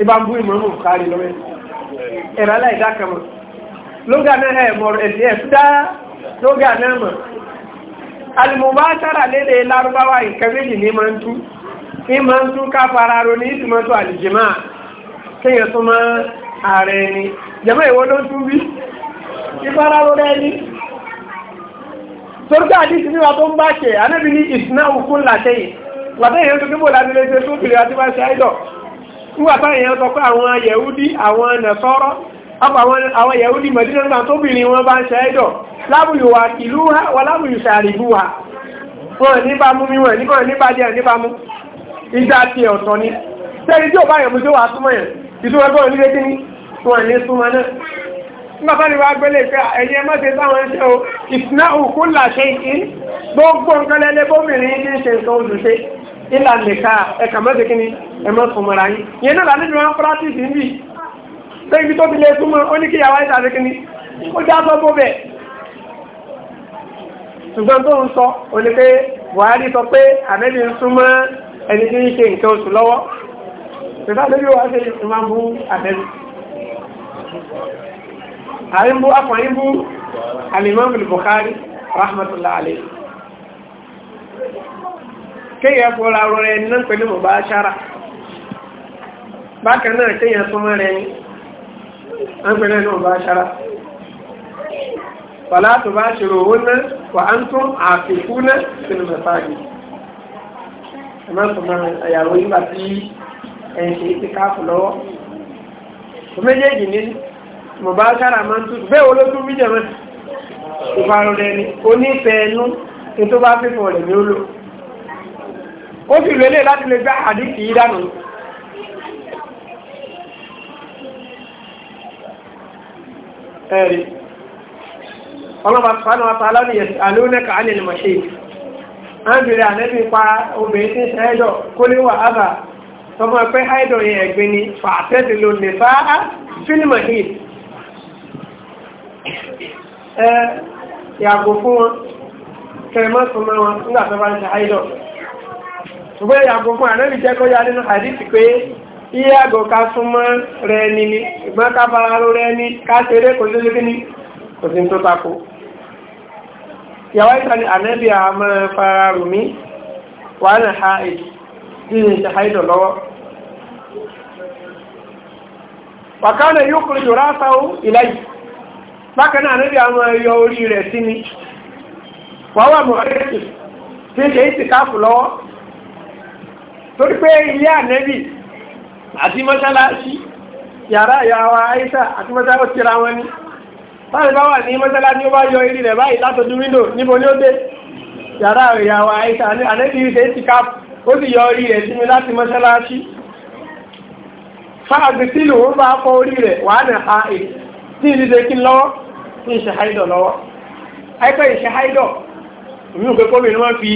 ibà ń bú ìmọ̀ọ́mù kárí lọ́wọ́ ẹ̀rọ aláìdá kan mọ̀ lóga náà ẹ̀ mọ̀ ẹ̀sìn ẹ̀ dá lóga náà mọ̀ alùmọ̀bá sára lédè lárúbáwá nǹkan méjì ní máa ń tú ní máa ń tú ká fara ro ní ìtumọ̀ tó àlìjìmá kéèyàn tó máa ààrẹ ni jẹ́mọ́ ìwọ ló ń tú bí ìfara ro rẹ ni torí káàdì sí níwà tó ń bá ṣe anábì ní ìsiná òkú làṣẹyìn wàtẹ́yìn tó dúbò lábílẹ̀ nígbàtá èèyàn sọ pé àwọn yẹ̀údí àwọn nẹ̀sọ́rọ́ àwọn yẹ̀údí mẹ̀dínlẹ́gbà tó bìnrin wọn bá ń ṣe ẹ́dọ̀ lábùlùwà ìlú wa lábùlù ṣàrìbù wa wọn nípa mú mi wọn nípa nípa díẹ̀ nípa mú ìjà ti ọ̀tọ̀ ni sẹ́ni tí ò bá yẹ̀mú tó wà súnmọ́ yẹn ìtumọ̀ tó ní létí ní wọn ní súnmọ́ náà nígbàtá ni wà gbélé pé ẹ̀yẹ mọ́tẹ́ táwọn ń ṣe o ìsinà òkú làṣẹ ìgbógbó nǹkan lẹ́lẹ́ bóbìnrin ní ṣe nǹkan oṣù ṣe ìlà nìka ẹ̀ka mẹ́sẹ̀ kí ni ẹ̀mọ́ súnmọ́ra yín yẹn náà lànà ìdúró pírátìsì níbi lẹ́yìn tó ti lè súnmọ́ ó ní kí ìyàwó ẹ̀ta sí kí ni ó já sọ bó bẹ̀. ṣùgbọ́n tó ń sọ ó ní pé Buhari sọ pé àbẹ́bí ń súnmọ́ ẹni tí ń ṣe nǹkan oṣù lọ́wọ́ ṣùgbọ́n àbẹ́bí wa ṣe máa ń bú àbẹ́bí. àyín bú afọ̀yín bú Al-Imam Al-Bukhari rahmatullahi alayhi kéèyàn fọ́ra rẹ̀ ní náà pẹ̀lú mọ̀bá ṣára bákan náà kéèyàn súnmọ́ rẹ̀ ní náà pẹ̀lú mọ̀bá ṣára wàlá tó bá ṣòro owó náà wà á ń tún àfikún náà sínú mẹ́fà yìí ẹ má súnmọ́ ìyàwó yìí bàtí ẹ̀yìn kìí ti káàfù lọ́wọ́ tó méjèèjì ní mọ̀bá ṣára máa ń tún bẹ́ẹ̀ wo ló tún bí jẹ̀mọ́ ìfarun rẹ̀ ni onífẹ̀ẹ́nu ní bá fífọ̀ rẹ̀ ní ó ó sì lélẹ̀ láti lè gbá àdíkì yìí dànù ẹ̀rí ọlọ́ba sánú àtàlá ní àlónẹ́kà ni mọ̀ṣe ábìrì ànẹ́bí pa obìnrin tí ṣẹ́ẹ́dọ̀ kó lè wà tọmọ pẹ́ háìdọ̀ yẹn ẹ̀gbin ni fàtẹ́sì ló lè fá fílìmọ̀ yìí ẹ yàgò fún wọn kẹrìmọ́sùn mọ́ wọn bá ń ṣe ṣùgbọ́n ìyàgò fún ànábì jẹ́ kó yá nínú àdìsí pé iye àgò ká súnmọ́ rẹ ni ni ṣùgbọ́n fara rẹ ni ká ṣeré kò sí lókè ni kò sí tó tako. ìyàwó ìta ni ànábì àmọ́ fara rù mí wàá ha èdè ní ṣe haidọ̀ lọ́wọ́. wàkánà yóò kúrò jù rásáwó ìlàyìí bákan náà níbi àwọn ẹyọ orí sí ni wọ́n wà mọ̀ ṣe lọ́wọ́ torí pé ilé ànẹ́bì àti mọ́ṣáláṣí yàrá ìyàwó àìsà àti mọ́ṣáláṣí ra wọn ni láti bá wà ní mọ́ṣáláṣí ó bá yọ irí rẹ̀ báyìí látọ̀dún wíńdò níbo ni ó dé yàrá ìyàwó àìsà ànẹ́bì ṣe ti ká ó sì yọ orí rẹ̀ sí mi láti mọ́ṣáláṣí fáàbì sílù ń bá fọ orí rẹ̀ wà ní ha è tí ìlú ṣe kí lọ́wọ́ ní ìṣe haidọ̀ lọ́wọ́ àìpẹ́ ìṣe haidọ̀ ìmú òkè kóbìnrin fi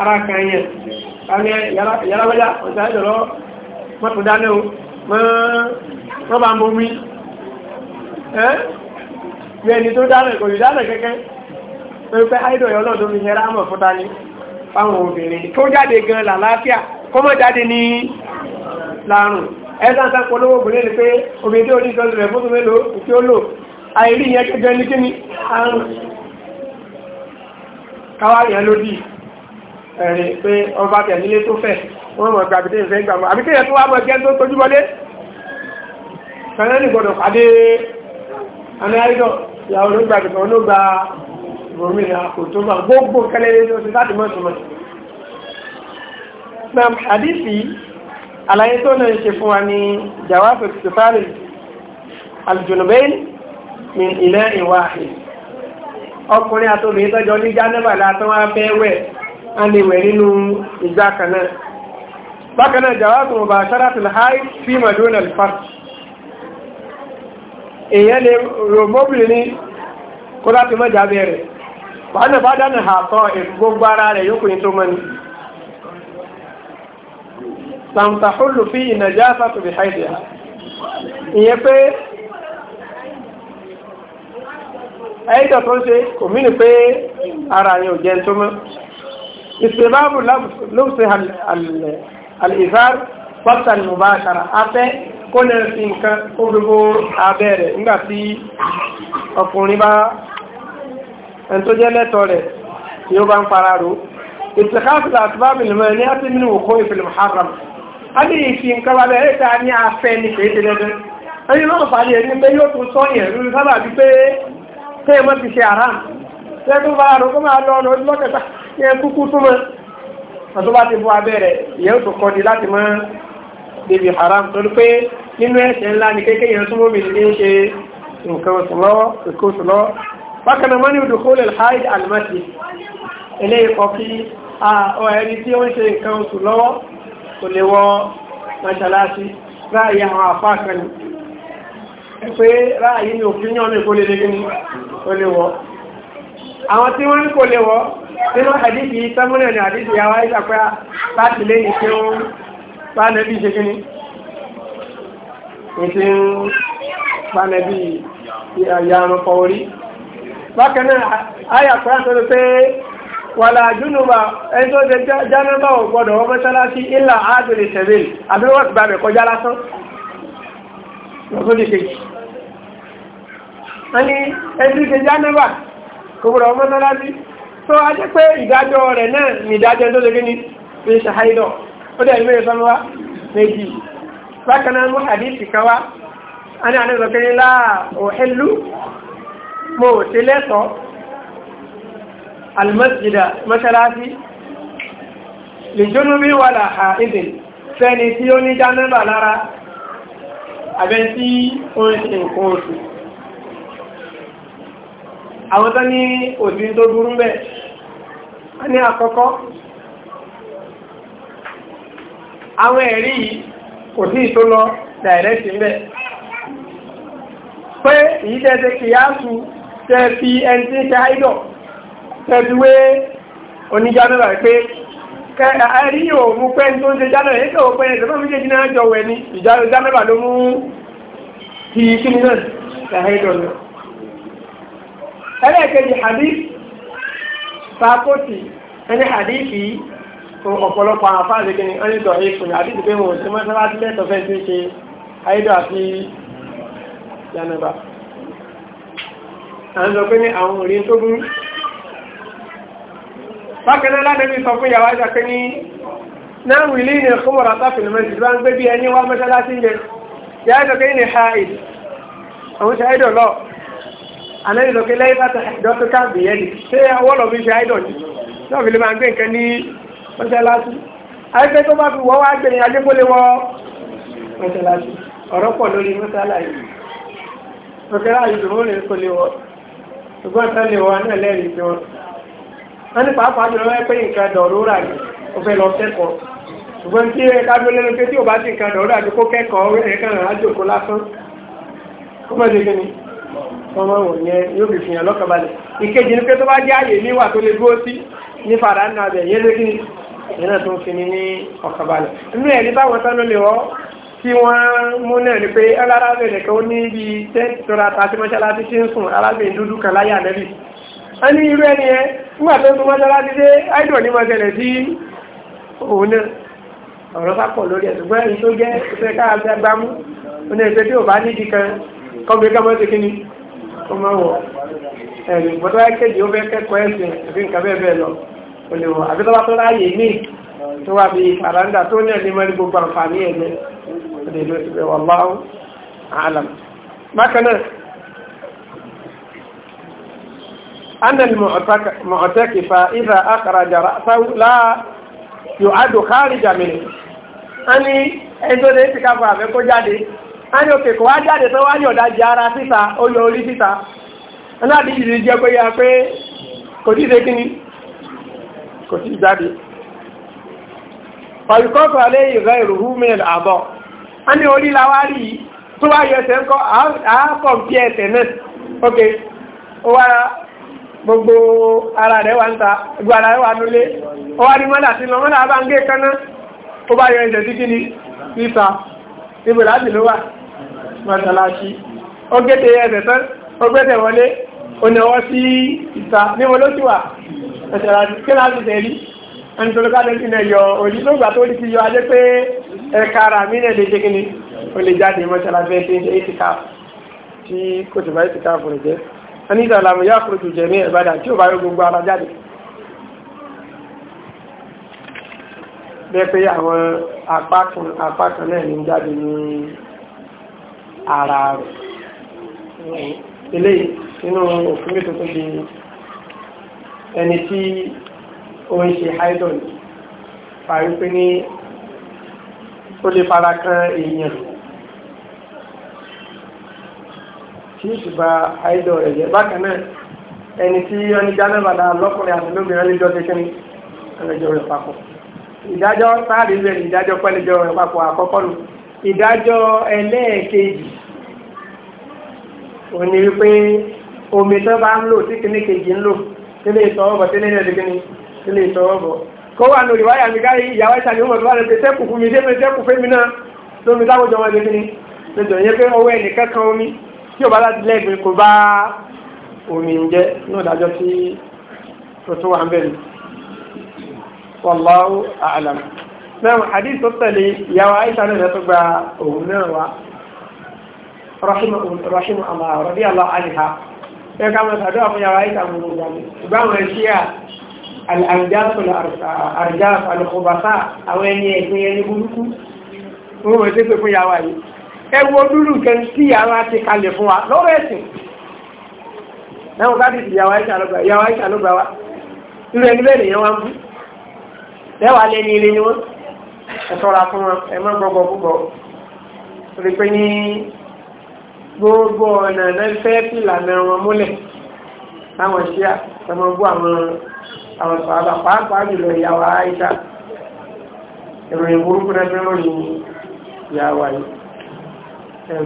ara kan yẹn káàkiri yàrá ọ̀sán ìdọ̀rọ̀ mọ́tò dáná o mọ́ bá ń bomi ẹ́ bí ẹni tó dáná kò lè dáná kẹ́kẹ́ pé áìdọ̀ yọ lọ́dọ̀ mi yẹ rámọ̀ fún dání fáwọn obìnrin tó jáde gan làlàáfíà kọ́mọ̀ jáde ní lárùn ẹ̀sán sápọ̀ lówó obìnrin ni pé obìnrin tí ó ní ìtọ́jú rẹ̀ fún mélòó tí ó lò àìrí yẹn gẹ́gẹ́ ní kíni àrùn káwárí yẹn lódì ẹ̀rìn pé ọba tẹ̀lílé tó fẹ̀ wọ́n mọ̀ gbàgbé ìfẹ́ gbàgbọ́ àbí kéèyàn tó wá mọ̀ jẹ́ tó tójú bọ́lé fẹ́lẹ́nì gbọ́dọ̀ pàdé anáyídọ̀ ìyàwó ló gbàgbé kan ló gba gómìnà kò tó máa gbogbo kẹlẹ́lẹ́ ló ti láti mọ́tòmọ́ nam hadisi àlàyé tó náà ṣe fún wa ní jawab istifari aljunubain min ilẹ̀ ìwáhì ọkùnrin àtòbìnrin tọ́jọ́ ní jánẹ́bà látọ́wọ́ fẹ́ wẹ̀ a lè wẹ̀ nínú ìgbà kan náà bákan náà jàwátù mọ̀ bá ṣáratù láì fi madonna alfar èyàn lè rọ̀mọ́bìnrin ní kó láti mọ́ jábẹ́ rẹ̀ wọ́n bá dánà àtọ́ gbogbo ara rẹ̀ yóò kùnrin tó mọ́ni tàǹtàhùlù fi ìnàjá sátòbí haìdíà ìyẹn pé ẹ̀yíkà tó ń ṣe kò mí pé ara yẹn jẹ́ tó mọ́ استباب لبس الإزار pátá ni mo bá ṣara afẹ́ kó lè fi nǹkan kó gbogbo abẹ́ rẹ̀ nígbà tí ọkùnrin bá ẹni tó jẹ́ lẹ́tọ̀ rẹ̀ tí ó bá ń para ro ìtìkáàtì àti bábí lè mọ̀ ní àti nínú òkú ìfìlẹ̀ muharram a lè fi nǹkan bá bẹ̀rẹ̀ ta ní afẹ́ ní kéde lẹ́dẹ́ ẹni náà fàálì ẹni pé yóò tún sọ yẹn lórí sábà bíi pé kéèmọ́ ti ṣe àrán tẹ́kùn bá rò kó máa lọ ọ̀nà ojú lọ́kẹta yẹn kúkú súnmọ́ àti bá ti bu abẹ́rẹ́ ìyẹn tó kọ́ di láti mọ́ bèbí haram torí pé nínú ẹ̀ṣẹ̀ ńlá ni kéèké yẹn súnmọ́ mi ní ṣe nǹkan oṣù lọ́wọ́ nǹkan oṣù lọ́wọ́ bákan náà wọ́n ní dukhul al-haid al-mati eléyìí kọ́ kí ẹni tí ó ń ṣe nǹkan oṣù kò lè wọ mọ́ṣáláṣí ráàyè àwọn àfáà pé ráàyè ní òfin yọ́nà ìkólélé kò lè wọ́ àwọn tí wọ́n ní kò lè wọ́ nínú àdíjì sẹ́múnẹ̀ ní àdíjì yàwá ìṣàpẹ́ láti lé ìṣe ń pánẹ́bí ṣe kí ni ìṣe ń pánẹ́bí ìyàrùn pọ̀ orí bákan náà ayàpẹ́ àtọ́lù pé wàlá júnùbà ẹjọ́ jẹ jánàbà ò gbọdọ̀ wọ́n mọ́ṣáláṣí ìlà áàdùrì sẹ̀bìn àbíwọ̀n ti gbàgbẹ̀ kọjá lásán lọ́sọ́dì kejì wọ́n ni ẹjọ́ jẹ jánàbà kò gbọdọ̀ wọ́n mọ́ṣáláṣí so a jẹ́ pé ìdájọ́ rẹ̀ náà ní ìdájọ́ tó lè gíní fi ṣe haidọ̀ ó dẹ̀ ilé ìsọ́nà wá méjì bákan náà mú àdíṣì kan wá a ní àdíṣì kan ní láà òhèlú mo ò ṣe lẹ́tọ̀ almasjida mọ́ṣáláṣí lè jónú bí wà láà ìdè fẹ́ni tí ó ń ṣe nǹkan oṣù àwọn tó ní òsì tó burú bẹ́ẹ̀ a ní àkọ́kọ́ àwọn ẹ̀rí yìí kò sí ìtó lọ dàìrẹ́sì bẹ́ẹ̀ pé èyí tẹ́ẹ̀tẹ́ kìyàsù tẹ́ fi ẹni tí ń tẹ́ àìdọ̀ tẹ́bi wé oníjánàlá pé ẹ̀rí yóò mú pẹ́ tó ń ṣe jánàlá yìí kọ̀ pé ẹlẹ́ẹ̀kejì hadith sakoti ẹni hadith yìí fún ọ̀pọ̀lọpọ̀ àwọn afáàlẹ́ kí ni wọ́n ní tọ̀ yìí fún hadith pé wọ́n ti mọ́sálásí lẹ́tọ̀ fẹ́ tí ń ṣe àìdọ̀ àti yanaba à ń sọ pé ní àwọn òrin tó burú bákan náà lánàá bí sọ fún yàwá ìjà pé ní náà wìlí ní ọkùnmọ̀rọ̀ àtàfin mẹ́sì bá ń gbé bí ẹni wá mọ́sálásí ń jẹ yàá sọ pé ní ha ìdí àwọn ṣe àìdọ̀ lọ́ọ̀ àlẹ́yìn lọ́kẹ́ lẹ́yìn bá dọ́kẹ́ káàbì yẹn ni ṣé ọwọ́ lọ́ọ́ fi ṣe áìdọ̀tì náà fi lè máa gbé nǹkan ní mọ́ṣáláṣí àìpẹ́ tó bá fi wọ́ wá mọ́ṣáláṣí ọ̀rọ̀ pọ̀ lórí mọ́ṣáláṣí tó lè wọ́ ṣùgbọ́n tán lè wọ́ ni ọmọ wọn yẹn yóò fi fi hàn lọ́kànbalẹ̀ ìkejì ní pé tó bá jẹ́ àyè níwà tó lè dúró sí ní fàdà nínú abẹ yẹn lé kíni ìyẹn náà tó ń fi ní ní ọ̀kànbalẹ̀ nínú ẹ̀rí báwọn sánú lè wọ́ tí ni pé alárábẹ̀ nìkan ó ní ibi tẹ́ǹtì tó ra ta sí mọ́ṣáláṣí tí ń sùn arábìnrin dúdú kan láyà irú ẹni yẹn nígbà tó ń sún mọ́ṣáláṣí dé áìdọ̀ ní mọ́ṣẹlẹ̀ sí òun náà ọ̀rọ̀ bá lórí ẹ̀ ṣùgbọ́n tó jẹ́ ìfẹ́ káàgbámú ó ní ẹgbẹ́ tí ò bá nídìí kan kọ́bí ká mọ́ sí kí ni ó máa wọ̀ ẹ̀rìn gbọ́dọ̀ kéjì ó fẹ́ kẹ́kọ̀ọ́ ẹ̀sìn àbí nǹkan bẹ́ẹ̀ bẹ́ẹ̀ lọ ó lè wọ̀ àbí tọ́lá tó ráyè mí tó wà bí àràǹdà tó ní ẹ̀dí mọ́rí gbogbo àǹfààní ẹ̀mẹ́ ó lè lọ sí bẹ́ẹ̀ wallahu bákan náà أن المعتكف إذا أخرج رأسه لا يعد خارج منه أني إذا ذلك أبغى أقول a òkè kò wá jáde tó wá ní ọ̀dájì ara síta ó orí síta aláàdí jẹ́ pé ya pé kò tí ìsẹ́kí ni kò tí ìjáde ọ̀yùkọ́kọ̀ alẹ́ ìrẹ́ ìrùhú mẹ́rin àbọ̀ a orí lawárí tó wá yọ ẹsẹ̀ ńkọ́ àápọ̀ pí ẹsẹ̀ náà ok ó gbogbo ara mọ́sálásí ó gẹ́tẹ̀ ẹ̀sẹ̀ tán ó gbẹ́tẹ̀ wọlé ó náwọ́ sí ìta níbo ló ti wà mọ́sálásí kí láti tẹ̀lé ẹni tó lókàdé sí náà yọ òní tó gbà tó ti yọ ajé pé ẹ̀ka ara mi náà lè jẹ́ kíni ó lè jáde mọ́sálásí ẹ̀ ṣe é ti ká tí kò tó bá ti àwọn apá náà ní jáde ní ara rẹ̀ eléyìí nínú òfin tó di ẹni tí ó ń ṣe haidon parí pé ní ó lè fara kan èèyàn tí ó ba haidon ẹ̀yẹ jẹ́ ẹni tí wọ́n ní jánàbàdà lọ́kùnrin àti lóbìnrin lè jọ ṣe kí ni ẹlẹ́jọ́ rẹ̀ papọ̀ ìdájọ́ sáàrí rẹ̀ ìdájọ́ pẹ́lẹ́jọ́ rẹ̀ papọ̀ àkọ́kọ́ nù ìdájọ́ ẹlẹ́ẹ̀kejì ò ní wípé omi tó bá ń lò tí kìíní kejì ń lò tí lè tọwọ́ bọ̀ tí lè rẹ̀ dìgbìní tí lè kó wà mi gáyé ìyàwó tó mi dé mi mi náà lómi yẹ pé ọwọ́ omi tí ò bá láti kò bá omi ń jẹ́ tí wà ń náà hadith tó tẹ̀lé ìyàwó àìsàn náà tó gba òun náà wá rahimu allah rabi allah anha ẹ ká mọ̀ sàdọ́ àwọn ìyàwó àìsàn mú gbogbo àmì ìgbàwọn ẹ̀ṣí à al'arjáfù al'arjáfù al'kọbàfà àwọn ẹni ẹ̀gbìn ẹni burúkú wọ́n mọ̀ sí pé fún ìyàwó àyè ẹwọ dúró nǹkan tí ìyàwó àti kalẹ̀ fún wa lọ́rọ̀ ẹ̀sìn náà bá dìtì ìyàwó àìsàn lọ́gbà ìyàwó lẹ́ni ilé ni wọ́n ẹ ṣọ́ra fún wọn ẹ má gbọ́gbọ́ púpọ̀ torí pé ní gbogbo ọ̀nà ẹ̀fẹ́ ìlànà wọn múlẹ̀ láwọn ṣíà ẹmọ bú àwọn àwọn sọ̀rọ̀ pàápàá jùlọ ìyàwó àìsà ìròyìn burúkú náà fẹ́ràn ní ìyàwó àyè ẹwọ́n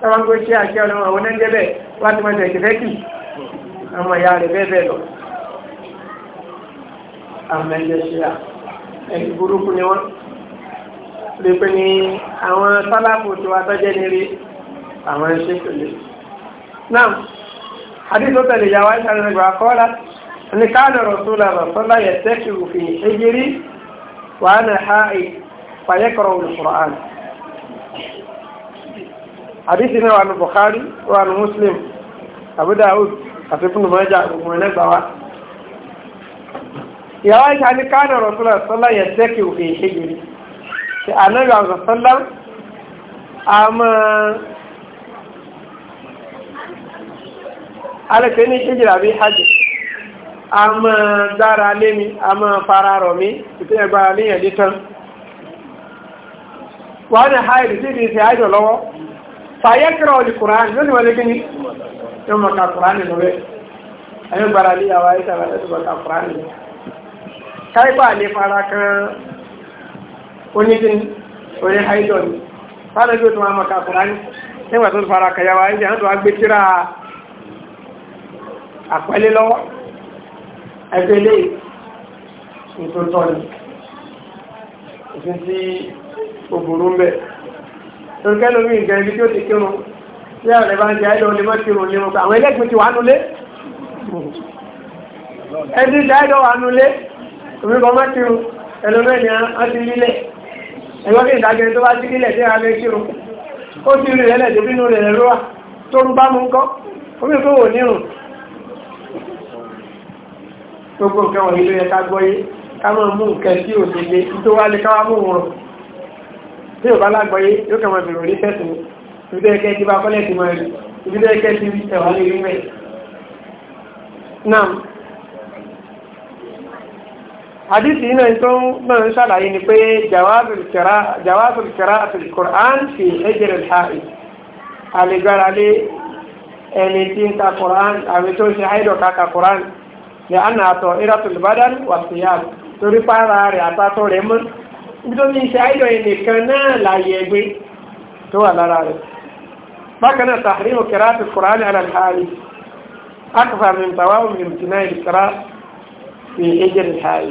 tó ṣíà ṣíà ọ̀nà àwọn oníjẹ́ bẹ́ẹ̀ láti máa tẹ̀sí fẹ́kì àwọn lè pé ní àwọn sálábù tí wàá tọ́jẹ́ ní rí àwọn ẹṣẹ́ tẹ̀lé. náà àdìsó tẹ̀lé ìyàwó àìsàn rẹ̀ gbà kọ́lá ní káàdọ̀ rọ̀súlà rọ̀sọ́lá yẹ tẹ́kì òfin ejiri wàá nà ha ì fàyẹ́kọ̀rọ̀ olùkùrán. àdìsí Bukhari wà Muslim Abu Dawud àti fún ìmọ̀ọ́jà gbogbo ẹlẹ́gbàá wa ìyàwó àìsàn ní káàdọ̀ rọ̀súlà rọ̀sọ́lá yẹ tẹ́kì òfin ejiri ṣe ànábì àwọn sọ́lá a máa alẹ́kẹ́ ní ṣíjìlá bí hajj a máa dára lé mi a máa fara rọ̀ mi ìpínlẹ̀ gbára léyàn dé tán wà ní hajj tí kìí ṣe hajj lọ́wọ́ fàyẹ́kìrọ̀ ọ̀lì kùránì lónìí wọlé kí ni yóò mọ̀ ká kùránì lọ́wẹ́ ayé gbára léyàwó ayé oníkíní oní haidọ̀ ni fáwọn ẹgbẹ́ tó máa mọ̀ kàkùrá nígbà tó fara kàyàwá ẹgbẹ́ àwọn tó wá gbé tíra àpẹẹlẹ lọ́wọ́ ẹgbẹ́ ìtòtọ́ ni òfin tí òbòrò ń bẹ̀ torúkẹ́ lómi ìgbẹ́ ibi tí ó ti kírun tí ààrẹ bá ń jẹ́ ẹ̀dọ̀ lè mọ́ kírun ní ọkọ̀ àwọn ẹlẹ́gbẹ́ ti wà nulẹ̀ ẹ̀yọ́ kí ìdájẹ́ tó bá sí nílẹ̀ tí a lè kírun ó ti rí ẹlẹ́ tó bínú rẹ̀ lọ́wà tó rú bá mú kọ́ omi tó wò nírùn gbogbo nǹkan wọ̀nyí ló yẹ ká gbọ́yé ká mọ̀ mú nǹkan tí ò ti lé tó wá lè káwá mú wọn tí ò bá lágbọ́yé yóò kàn máa bèrò àdìsí iná tó náà ń ṣàlàyé ni pé jawazul qira'ati al-Qur'an fi ejere al-ha'i àlegbáralé ẹni tí ń ka Qur'an àmì tó ṣe haidọ̀ kaka Qur'an ní àná àtọ̀ iratul badan wà síyàm torí pàrà rẹ̀ àtàtọ̀ rẹ̀ mọ́ nítorí ṣe haidọ̀ ẹnìkan náà láyé ẹgbẹ́ tó wà lára rẹ̀ bákan náà tahrimu qira'ati al-Qur'an ala al-ha'i akfar min tawawun min tinai al-qira'a fi ejere al-ha'i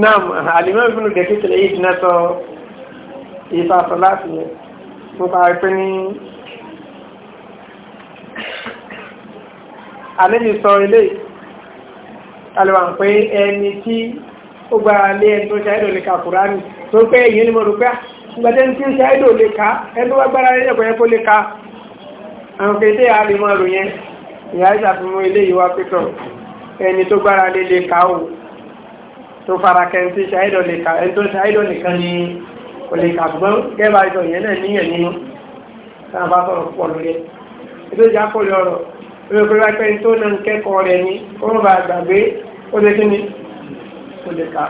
naam alimọ́ ìbínú gẹ̀ẹ́kẹ́ tẹ̀lé yìí jìnà sọ ìfà sọ láti yẹ nípa pé ní àlejò sọ ilé alùpàá pé ẹni tí ó gba lé ẹni tó ṣáìdò lè ka kùránì tó pé èyí ni mo rò pé gbàdé tí ń ṣáìdò lè ka ẹni tó wá gbára rẹ̀ yẹ kò tó fara kẹ́ tí ṣàìdọ̀ nìkan ẹni tó ṣàìdọ̀ nìkan ni kò lè kà gbọ́n gẹ́gbà ìjọ yẹn náà níyàn nínú náà bá sọ̀rọ̀ pọ̀ lórí ètò ìjà kò lè ọ̀rọ̀ lórí pé tó náà ń kẹ́kọ̀ọ́ rẹ̀ ni ó ń bá gbàgbé ó ni kò lè kà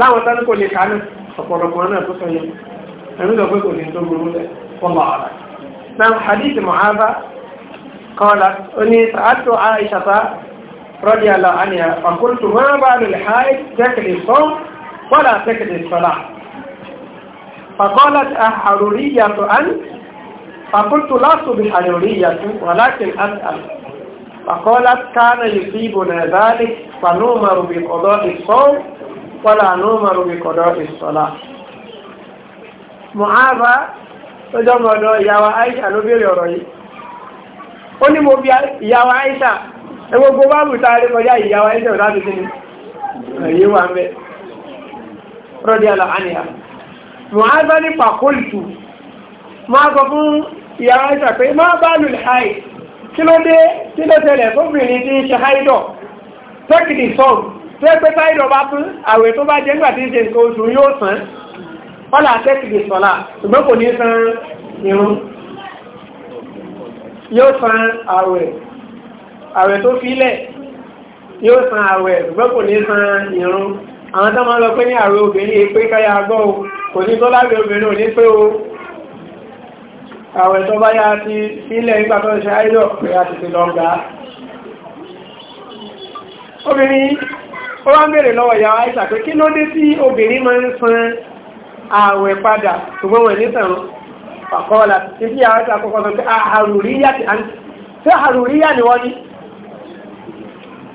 láwọn tán kò lè kà náà ọ̀pọ̀lọpọ̀ náà tó sọ yẹn ẹ̀mí lọ pé kò lè tó burú lẹ̀ رضي الله عنها فقلت ما بال الحائض تكلي الصوم ولا تكلي الصلاة فقالت أحرورية أنت فقلت لست بحرورية ولكن أسأل فقالت كان يصيبنا ذلك فنؤمر بقضاء الصوم ولا نؤمر بقضاء الصلاة معاذ ọjọ́ mọ̀ọ́dọ̀ ìyàwó àìsà ló bèèrè ọ̀rọ̀ yìí ó ní ẹgbogbo bá bù tààrí kọjá ìyàwó ẹ̀ṣẹ̀ láti sí ni ẹ̀yí wà ń bẹ́ rọ́dí aláàníyà mọ̀ á bá ní pàkóòtù máa kọ fún ìyàwó ẹ̀ṣẹ̀ pé máa bá lù láì kí ló dé kí ló tẹ̀lẹ̀ fóbìnrin tí ń ṣe háìdọ̀ tẹ́kìtì sọ́ọ̀ tó ẹ pé táìdọ̀ bá fún àwẹ̀ tó bá jẹ́ nígbà tí ń ṣe nǹkan oṣù yóò sàn ọ́là tẹ́kìtì sọ́lá ṣùgbọ́n kò ní san yóò san àwẹ̀ àwẹ̀ tó fílẹ̀ yóò san àwẹ̀ ṣùgbọ́n kò ní san ìrun àwọn tó máa lọ pé ní àwẹ̀ obìnrin èpé káyà gbọ́ o kò ní tó lábẹ́ obìnrin ò ní pé o àwẹ̀ tó bá yá ti fílẹ̀ nígbà tó ṣe àìlọ́ pé a ti ti lọ gbà á obìnrin ó wá ń bèèrè lọ́wọ́ ìyá àìsà pé kí ló dé tí obìnrin máa ń san àwẹ̀ padà ṣùgbọ́n wọ̀n ní sẹ̀rùn àkọọ́lá ti fi àwọn àìsà kọ́kọ́ sọ pé àrùríyà ah, ni wọ́n ní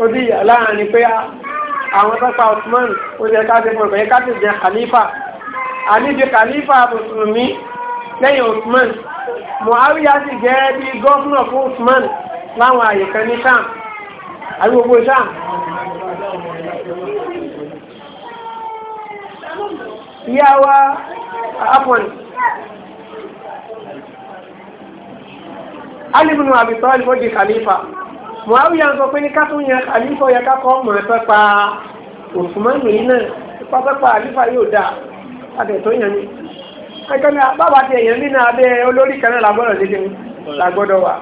ó di ìyà láàrin pé àwọn tọ́pa Usman ó jẹ́ káṣe fún ìpẹ̀yẹ káṣe jẹ́ khalifa àníbi khalifa mùsùlùmí lẹ́yìn Usman Muawiya sì jẹ́ bí gọ́fúnà fún Usman láwọn àyè kan ní sáà àríwògbò sáà ìyáwá afọ̀n alìbìnú àbìtọ́ alìbọ́dì khalifa muawiya sọ pé ní ká tún yan àlífọ yẹ ká kọ́ mọ̀ ẹ́ pẹ́pa òsùnmọ́nù yìí náà pátápá àlífà yóò dáa adẹ̀ tó yẹn ni ẹgbẹ́ mi bàbá ti nínú abẹ́ olórí kan náà lágbọ́dọ̀ dédé lágbọ́dọ̀ wà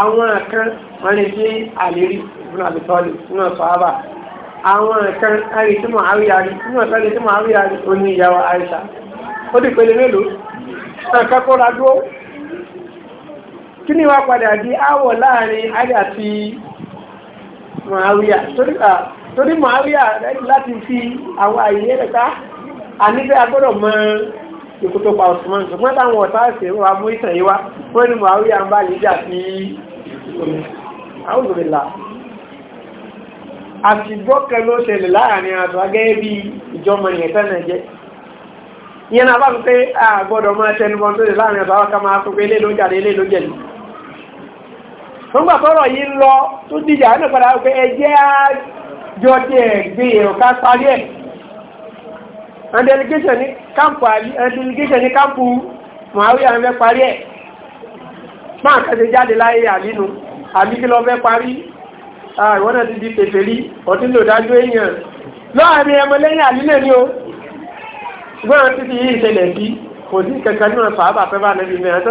àwọn kan wọ́n lè fi àlérí fún àbítọ́lì fún ọ̀sọ́ábà àwọn kan ẹ̀rì tí mo àríyárí fún ọ̀sọ́lì tí mo àríyárí ó ní ìyàwó àìsà ó dì pẹ̀lẹ́ mélòó ẹ̀kẹ́kọ́ ra dúró kí ni wá padà di áwọ̀ láàrin Ali àti Muawiya torí Muawiya láti fi àwọn àyè ẹ̀ka àníbẹ́ agbọ́dọ̀ mọ ìkótó pa Usman ṣùgbọ́n táwọn ọ̀tá ẹ̀sẹ̀ wà mú ìtàn yìí wá wọ́n ni Muawiya ń bá lè jà sí àwọn òbílà àti gbọ́kẹ̀ ló ṣẹlẹ̀ láàrin àtọ́ agẹ́ bí ìjọmọ̀ ìyẹn tẹ́nà náà bá nígbà tọ́rọ̀ yìí lọ tó dìjà ẹ̀nà padà wípé ẹjẹ́ àjọ tí ẹ̀ gbé èrò ká parí ẹ̀ and delegation ní kámpù and delegation ní kámpù mọ̀háwí àwọn fẹ́ parí ẹ̀ máa kẹsẹ̀ jáde láyé àlínú àbí kí lọ fẹ́ parí àwọn náà ti di pèsè ni o ṣùgbọ́n ti fi yí ìṣẹ̀lẹ̀ bí kò sí kẹ̀kẹ́ náà fàábà fẹ́ bá nẹ́bí mẹ́rin tó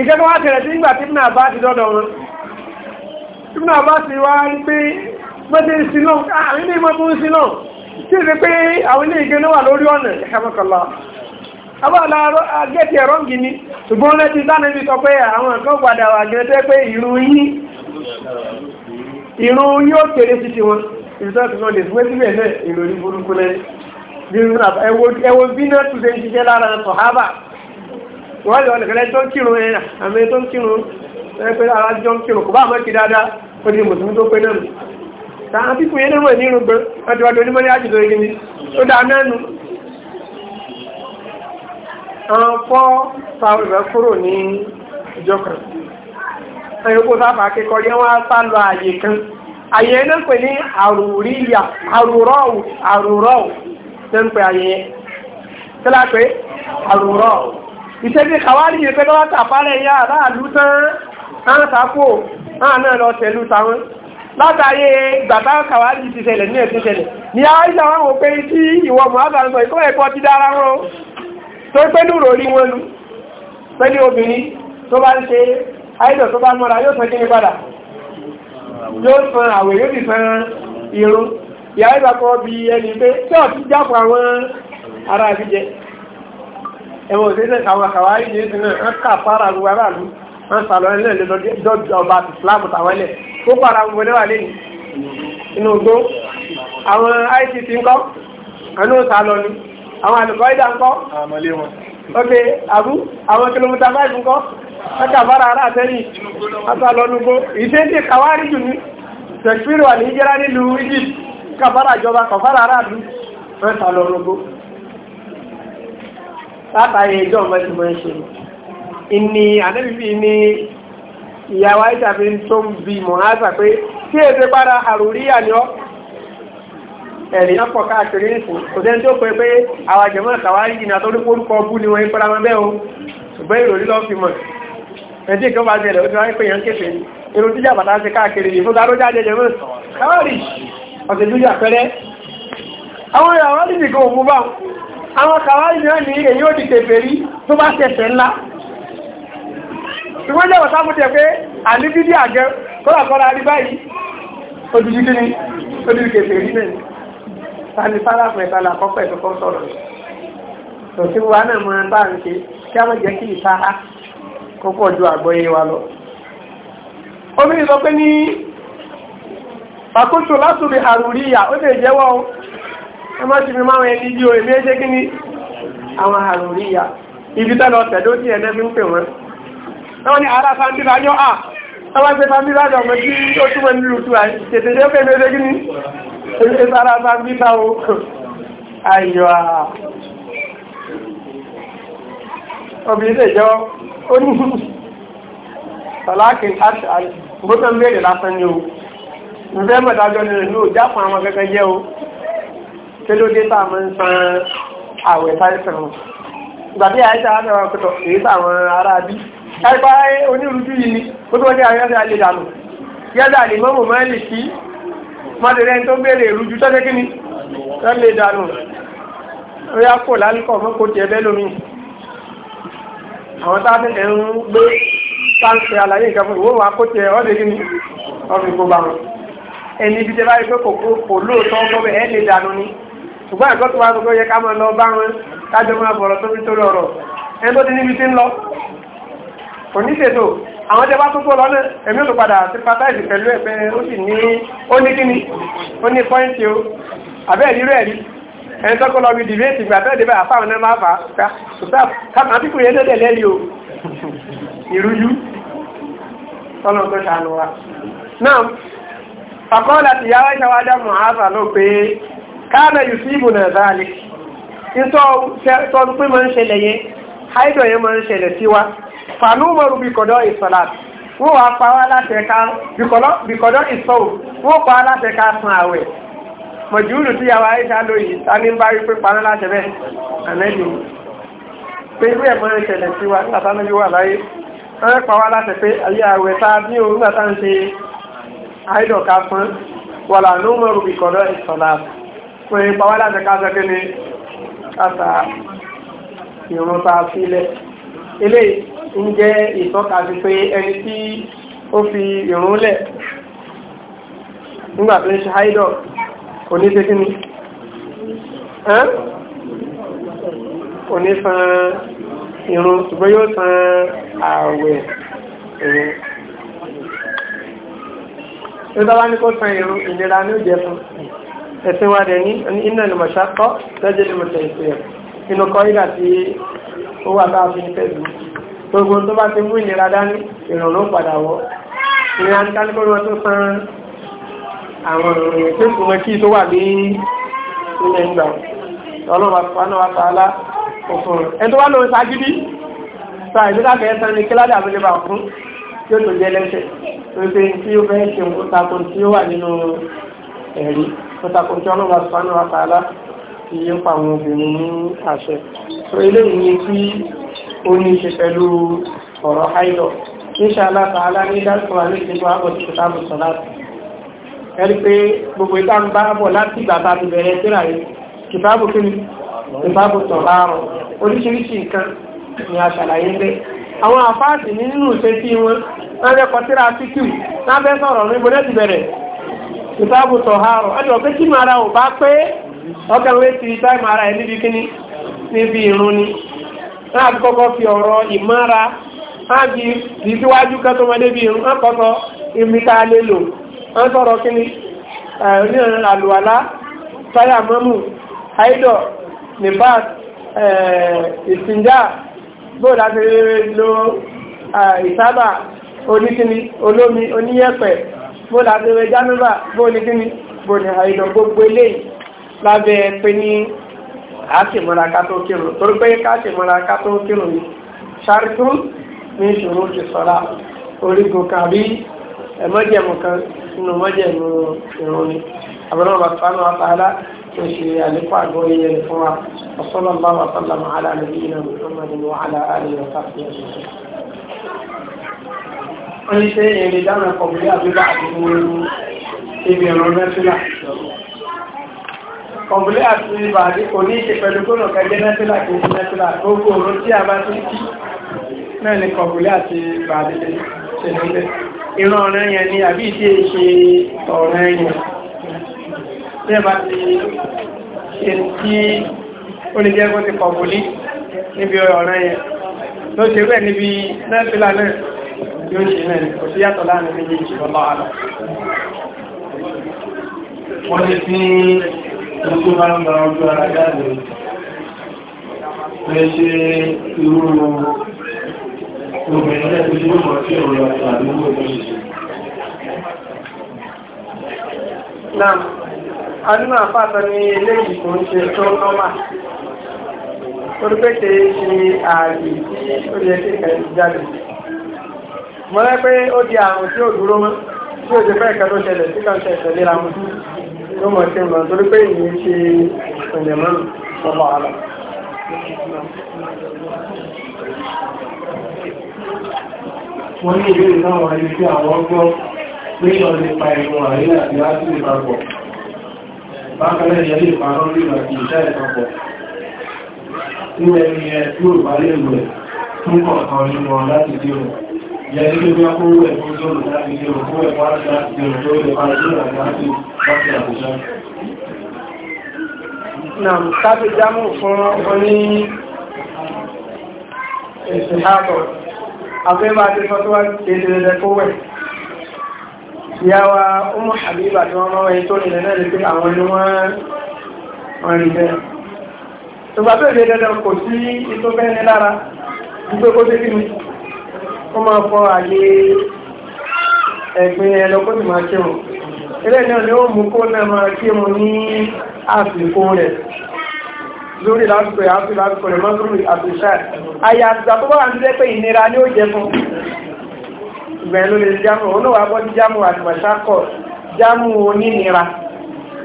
ìkẹ́ tó wá tẹ̀rẹ̀ sí ìgbà tí náà bá ti dọ́dọ̀ wọn tí bá ti wá ń pé mọ́tí sílọ àwọn ilé mọ́tún sílọ tí ìrẹ́ pé àwọn ilé ìgbẹ́ wà lórí ọ̀nà ìṣẹ́mọ́kọ̀lá abáàlá gini ṣùgbọ́n lẹ́ti dáná sọ pé àwọn nǹkan wọ́n lọ nìkẹ́lẹ́ tó ń kírun ẹ̀ àmì tó ń kírun ẹ̀ pé ara jọ ń kírun kò bá àmọ́ kí dáadáa ó di mùsùlùmí tó pé náà tàà pípò yẹn náà ní irúgbẹ́ ọdíwádìí onímọ̀lẹ́ àjùlọ ìgbìmí ó dá mẹ́nu àwọn fọ́ sáwẹ̀fẹ́ kúrò ní ìjọ kan ẹ̀yọ́kó sábà kíkọ yẹn wọ́n ìṣẹ́bí kàwárí yẹn pẹ́lọ́wà tàfàrẹ yá aráàlú tán àtàkò àánà lọ tẹ̀lú tàwọn látàyé gbàtà kàwárí ti ṣẹlẹ̀ ní ẹ̀sìn ṣẹlẹ̀ ní àìsà wọn wò pé tí ìwọ mọ̀hábà ń sọ ìkọ́ ẹ̀kọ́ ti dára wọn tó pé lúrò rí wọn lu pẹ́lú obìnrin tó bá ń ṣe àìdọ̀ tó bá mọ́ra yóò sọ kíni padà yóò san àwẹ̀ yóò sì san irun ìyá ìgbà kan bí ẹni pé tí ọ̀ ti jáfọ àwọn ará àbíjẹ ẹ̀wọ̀n òṣèlú àwọn àkàwárí yìí náà ń kà fara gbogbo aráàlú ń sàlọ ẹ̀lẹ́ para gbogbo lẹ́wà inú àwọn ICC ńkọ́ sàlọ ni àwọn àlùkọ́ ìdá ńkọ́ ok àwọn kìlómítà báyìí ńkọ́ ń kà fara àtẹ́yìn nugbó kàwárí jù ní wà ní nílùú látàrí ìjọ mẹ́sìmọ́ ṣe ìní ànẹ́bìbì ní ìyàwó àìsàfí tó ń bí mọ̀háṣà pé tí è fẹ́ padà àrùríyà ni ọ́ ẹ̀rìn ọ̀pọ̀ káàkiri nìsín kò sẹ́ni tó pẹ́ pé àwọn àjẹmọ́ ìtàwárí ìnà tó ní kórúkọ bú ni wọ́n ń pẹ́ra mọ́bẹ́ o ṣùgbọ́n ìròrí lọ́ fi mọ̀ ẹ̀dí ìkan bá jẹ́lẹ̀ ó ti wáyé pé yẹn kéfèé irun tíjà bàtà ṣe káàkiri yìí fún dárójá jẹjẹ mọ́ káwárì ọ̀sẹ̀ jújà pẹ́rẹ́ àwọn ìyàwó àdìsí kan òmú báwọn àwọn kàwárí náà ní èyí ò di kèfèrí tó bá tẹ̀sẹ̀ ńlá ṣùgbọ́n lẹ́wọ̀ sáfù tẹ̀ pé àníbídí àjẹ́ kọ́làkọ́lá rí báyìí odidi kí ni odidi kèfèrí náà tani sára mẹ́tàlá kọ́kọ́ ẹ̀kọ́kọ́ sọ̀rọ̀ tòsí wa náà mọ́ bá ń ṣe kí a mọ́ jẹ́ kí ìsára kọ́kọ́ wa ní pàkóso ẹ má sì fi máwọn ẹni bí o èmi ẹ ṣe kí ni àwọn àrùn rí ya ibi tẹ́lọ tẹ̀dó tí ẹ̀dẹ́ fi ń pè wọ́n wọ́n ni ara fàndílájọ́ à ah! wọ́n ṣe fàndílájọ́ ọmọ tí ó túnmọ̀ nílùú tó àìṣètè yóò fẹ́ mẹ́rẹ́ gíní ẹgbẹ́ sára fàndílá o ayọ̀ à ah! obìnrin lè jọ ó ní tọ́láàkì àṣà gbọ́tọ̀ mẹ́rẹ̀ lásán ni o ìfẹ́ mọ̀dájọ́ ni rẹ̀ ní òjá fún àwọn kẹ́kẹ́ jẹ́ o kílódé tá a máa ń san àwẹ̀ táìsàn wọn ìgbàdí àìsàn á bẹ̀rẹ̀ pẹ̀tọ̀ èyí táwọn ará bí ẹgbà onírúdú yìí ni ó tó wọ́n jẹ́ àyọ́sẹ̀ alẹ́ dànù yẹ́dà lè mọ́mọ́ máa lè kí mọ́tẹ̀rẹ́ tó bèèrè ìrújú tọ́jẹ́ kí ni lọ́lẹ̀ dànù ó yá kò lálùkọ̀ mọ́ kò tiẹ̀ bẹ́ẹ̀ lómi àwọn táwọn ẹ̀ ń gbé sáńsẹ̀ àlàyé nǹkan fún ìwọ́n wa kò tiẹ̀ ọ́ lè kí ni ọ̀rùn ìgbò bàrùn ẹni ibi tẹ́ bá rí pé ṣùgbọ́n ẹ̀kọ́ tó wá gbogbo yẹ ká máa lọ bá wọn kájọ máa bọ̀rọ̀ tó fi tó lọ́rọ̀ ẹni tó ti níbi tí ń lọ kò ní ṣètò àwọn tẹ bá tó tó lọ náà èmi ò tó padà sí pátáìsì pẹ̀lú ẹ̀ pé ó sì ní ó ní kíni ó ní pọ́ìntì o àbẹ́ ìrírú ẹ̀rí ẹni tó kọ́ lọ bí dìbéètì gbà tẹ́lẹ̀ débẹ̀ àfáwọn náà máa fà á kùtà káàkiri àti kùyẹ́ dédé lẹ́rí o ìrújú tọ́nà tó ṣàánú wa náà fàkọ́ọ́lá ti yáwá ìṣàwádà mọ̀ káàdà yusufu náà záàlì nítorí pé máa ń ṣẹlẹ̀ yẹn haidọ̀ yẹn máa ń ṣẹlẹ̀ sí wa fàánù mọ̀rù bìkọ̀dọ̀ ìsọ̀lá wọ́n wàá pa wá láṣẹ ká bìkọ̀dọ̀ ìsọ̀wò wọ́n pa wá láṣẹ ká san àwẹ̀ mọ̀júùlù tí yàwá ayéṣà lóyìí ta ní bá rí pé paná láṣẹ bẹ́ẹ̀ ànẹ́lì pé irú ẹ̀ máa wa a pé pàwọ́ láti káṣọ kí ni káṣà ìrún ta sílẹ̀ ilé ń jẹ́ ìtọ́ka sí pé ẹni tí ó fi ìrún lẹ̀ nígbà tó ń ṣe haidọ̀ kò ní ṣe kí ni kò ní san ìrún ṣùgbọ́n yóò san ààwẹ̀ ìrún tó ní kó san ìrún ìlera ní ó jẹ fún ẹ̀sìn wa dẹ̀ ní iná ìlúmọ̀ṣákọ́ lẹ́jẹ́ ìlúmọ̀ṣẹ̀ ìpìlẹ̀ inú kọ́ ìgbà tí ó wà bá fi tẹ́lú gbogbo tó bá ti mú ìnira dání ìrànlọ́ padà wọ́ ìrìn àtàlẹ́kọ́ wọn tó san àwọn ìròyìn tó kùn mọ́ kí tó wà ní ilẹ̀ ìgbà ọlọ́wà òfin ẹ̀ tó wá lóun ṣagídí sọ àìsíkàkẹ́ ẹ̀sán ní kíládà àbúlé bá ẹ̀rí pẹ̀tàkùn tí ọlọ́wà sánú àtàlá ti yí ń pa àwọn obìnrin ní àṣẹ so eléyìí ni tí ó ní ṣe pẹ̀lú ọ̀rọ̀ haidọ̀ insha Allah ta'ala ní dákùn àmì ìṣẹ́gbọ́ àbọ̀ ti kìtàbù sọ̀lá ẹ̀rí pé gbogbo ìta ń bá bọ̀ láti ìgbà tá a ti bẹ̀rẹ̀ síra yìí kìtàbù kí ni kìtàbù sọ̀lá rọ̀ oríṣiríṣi ni a ti bẹ̀rẹ̀ ìtàbù tọ̀hárọ̀ ẹjọ́ pé kí mara ò pe pé ọkànlé ti táìmù ara ẹ̀ níbi kíní níbi ìrún ni náà bí kọ́kọ́ fi ha ìmára náà bí ìsíwájú kan tó máa débi ìrún náà kọ́kọ́ ìmìta lè lò wọ́n sọ̀rọ̀ kíní onírin àlùwàlá táyà mọ́mù haidọ̀ nìbáàt ìsìnjá bóòdá ti lo ìsábà oníkíní olómi oníyẹ̀pẹ̀ bó làbẹ̀rẹ̀ jánúbà bó ní kíní bó ní àìdàn gbogbo eléyìí lábẹ́ pé ní àṣìmọ́ra ká tó kírun torí pé ká ṣìmọ́ra ká tó kírun ní ṣáàtú ní ìṣòro ti sọ́ra orígun kan àbí ẹ̀mọ́jẹ̀mù kan nínú mọ́jẹ̀mù ìrún ni àbúrò bàtánù tó ṣe àlékún àgọ́ iye fún wa wọ́n ní ṣe èrè dáná kọ̀bùlé àbíbá àti wọ́n ibi ìrọ̀ mẹ́fílà kọ̀bùlé àti ibà àti kò ní ṣe pẹ̀lú gbọ́nà kẹjẹ mẹ́fílà kò sí mẹ́fílà gbogbo òru tí a bá ti kí náà ni kọ̀bùlé àti ibà àti ṣe nílẹ̀ ìran ọ̀rẹ́ yẹn ni àbí ìdí ṣe ọ̀rẹ́ yẹn tí a bá ti ṣe tí ó lè jẹ́ kó ti kọ̀bùlé níbi tí ó ṣe náà ní kò sí yàtọ̀ láàrin méjèèjì lọ́lọ́ àlọ́ wọ́n lè fi ojú máa ń gba ojú ara jáde lè ṣe irú obìnrin náà tí ó mọ̀ sí ọ̀rọ̀ àdúgbò tó ṣe náà a nínú àpáta ní eléyìí kò ń ṣe tó nọ́mà torí pé kìí ṣe ààyè tí ó yẹ kéèkàn jáde mọ́ rẹ́ pé ó di àrùn tí ó dúró mọ́ tí ó ti fẹ́ ìkẹ́ tó ṣẹlẹ̀ tí kan ṣẹlẹ̀ léra mú tó mọ̀ ṣe mọ̀ torí pé ìyẹn ṣe ìpìlẹ̀ mọ́ ọba àlọ́. wọ́n ní ìbéèrè náà wà ní sí àwọn ọgbọ́n pé ọdún pa ìwọ̀n àríyá àti láti ìpapọ̀ bákanáà yẹ lè pa lọ́rí àti ìṣẹ́ ìpapọ̀ tí wọ́n ẹni ẹ tí ó bá lè lò ẹ̀ fún kọ̀ọ̀kan nínú wọn láti dé wọn yẹni tó bá kó rẹ̀ fún ìjọ́ láti ṣe òkú ẹ̀ fún àti láti ṣe òkú ẹ̀ fún àti láti láti àbújá. Nàm tábí jámù fún oní ẹ̀sìn àtọ̀. Àfẹ́ máa ti sọ tó wá kéde rẹ̀ kó wẹ̀. Ìyáwa Umu Habiba tí wọ́n máa wẹ̀ tó nílẹ̀ náà ni pé àwọn ẹni wọ́n rí bẹ́ẹ̀. Ìgbà tó ìdẹ́ dandan kò sí ìtó bẹ́ẹ̀ ní lára, ìgbé kó ó máa fọ àyè ẹ̀gbìn ẹlọ́kọ́sì máa kírun ilé náà ni ó mú kó náà máa kírun ní àsìkò rẹ̀ lórí lásìkò rẹ̀ àti lásìkò rẹ̀ mọ́sùlùmí àtúnṣà àyà àtìgbà tó ni ó jẹ fún ìgbẹ̀rẹ̀ ló lè jámù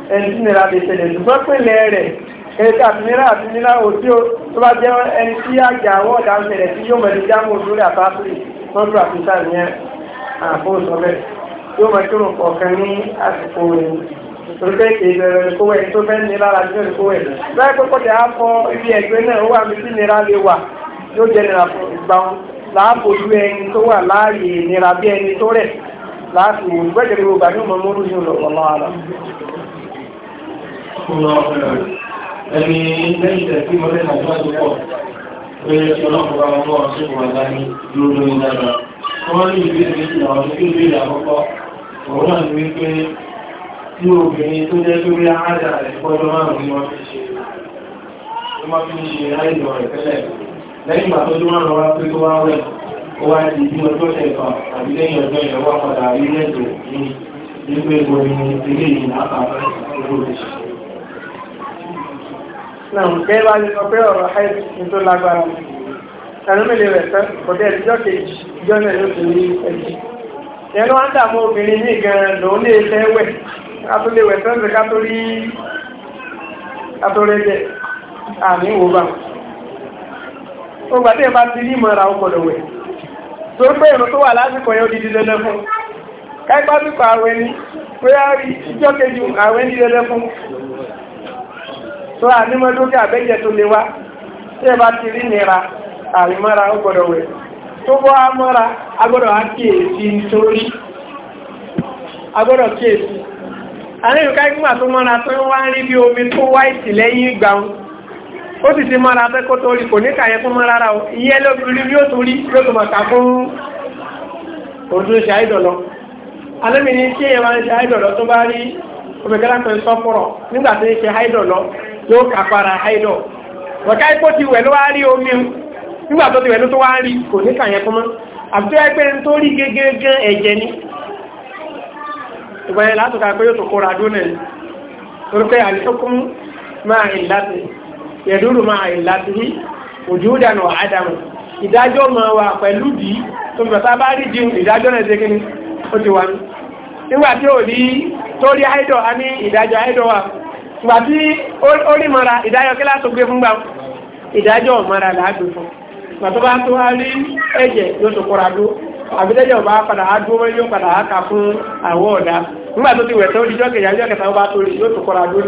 tí nira lè ṣẹlẹ̀ ṣùgbọ́n pínlẹ̀ rẹ̀ ẹ̀ka àtìmíra àtìmíra òtí ó tó bá jẹ́ ẹni tí àjà àwọ̀ ọ̀dà ń ṣẹlẹ̀ tí yóò mẹ́rin jámù lórí àtàkùn lọ́dún àfíṣà ní àfóòsọ́bẹ̀ tí ó máa kí òun kọ̀ọ̀kan ní àsìkò rẹ̀ torípé ìbẹ̀rẹ̀ rẹ̀ kówẹ̀ tó fẹ́ ní lára jẹ́ rẹ̀ kówẹ̀ láì pé kọ́tẹ̀ á fọ ibi ẹ̀gbẹ́ náà ó wà mí sí nira lè wà yóò jẹ́ nira fún ìgbà wọn láàbòjú ẹni tó wà láàyè nira bí nàìjíríà tó pọ̀ pé ọlọ́pàá ọmọ ọ̀ṣẹ́kù wàdá ní lórí wọ́n ní ìbéèrè méjì àwọn tí ó béèrè àkọ́kọ́ òun náà ní wípé tí obìnrin tó jẹ́ tó rí áádà rẹ̀ fọ́jọ́ márùn-ún ni wọ́n fi ṣe wọ́n lẹ́yìn ìgbà tó dúró wá pé tó wá wẹ̀ ó wá náà gẹ́gẹ́ bá ti sọ pé ọ̀rọ̀ haiti ní tó lágbára mọ́ ẹlòmílẹ̀ rẹ̀ fẹ́ kò dé ẹ̀díjọ́ kejì ìjọ náà ló ti rí ẹ̀jẹ̀ ẹnu wá ń dààmú obìnrin ní gan lòun lè fẹ́ wẹ̀ ká tó lè wẹ̀ fẹ́ǹsì ká tó rí ká tó rẹ́ jẹ àmì wò bá ó gbà tí ẹ bá ti rí ìmọ̀ra ó gbọ́dọ̀ wẹ̀ tó pé ìrùn tó wà lásìkò yẹn ó di dídẹ́lẹ́ fún káípásìkò àwẹ̀ ni pé á rí ìjọ́ kejì àwẹ̀ ń dídẹ́lẹ́ fún tó a ní mọ́ lókè àbẹ́jẹ́ tó lè wá tí ẹ bá ti rí nira àrímọ́ra ó gbọ́dọ̀ wẹ̀ tó bọ́ á mọ́ra agbọ́dọ̀ á kíyèsí nítorí agbọ́dọ̀ kíyèsí àríyàn ìgbà tó mọ́ra tó wá ń rí bí omi tó wá ìtìlẹ́yìn ó sì ti mọ́ra pé kó tó rí kò ní kàyẹ fún mọ́ra bí ó tó rí tó ń tó yóò kàfàrà àìlọ ọ̀ká ipò ti wẹ̀ ló wá rí omi nígbà tó ti wẹ̀ ló tó wá rí kò ní kàyẹn fún mọ́ àbútó ẹgbẹ́ tó rí gẹ́gẹ́gẹ́ ẹ̀jẹ̀ ni ìgbẹ̀yẹn látọ̀ká pé yóò tó kóra dónẹ̀ torípé àlẹ́kùn máa ìlàtì yẹ̀dúrù máa ìlàtì ní ni ó ti wà ní nígbà tí ò rí tó rí àìdọ̀ a ní ìdájọ́ àìdọ̀ wà ìgbà tí ó rí mara ìdájọ́ kí láti gbé fún gbà ìdájọ́ mara làágbé fún ìgbà tó bá tó wá rí ẹ̀jẹ̀ yóò tó kọ́ra dó àbídẹ́jọ́ bá padà á yóò padà á fún àwọ̀ ọ̀dá nígbà tó ti wẹ̀ tó díjọ́ kẹjà díjọ́ kẹta ó tó rí yóò tó kọ́ra dó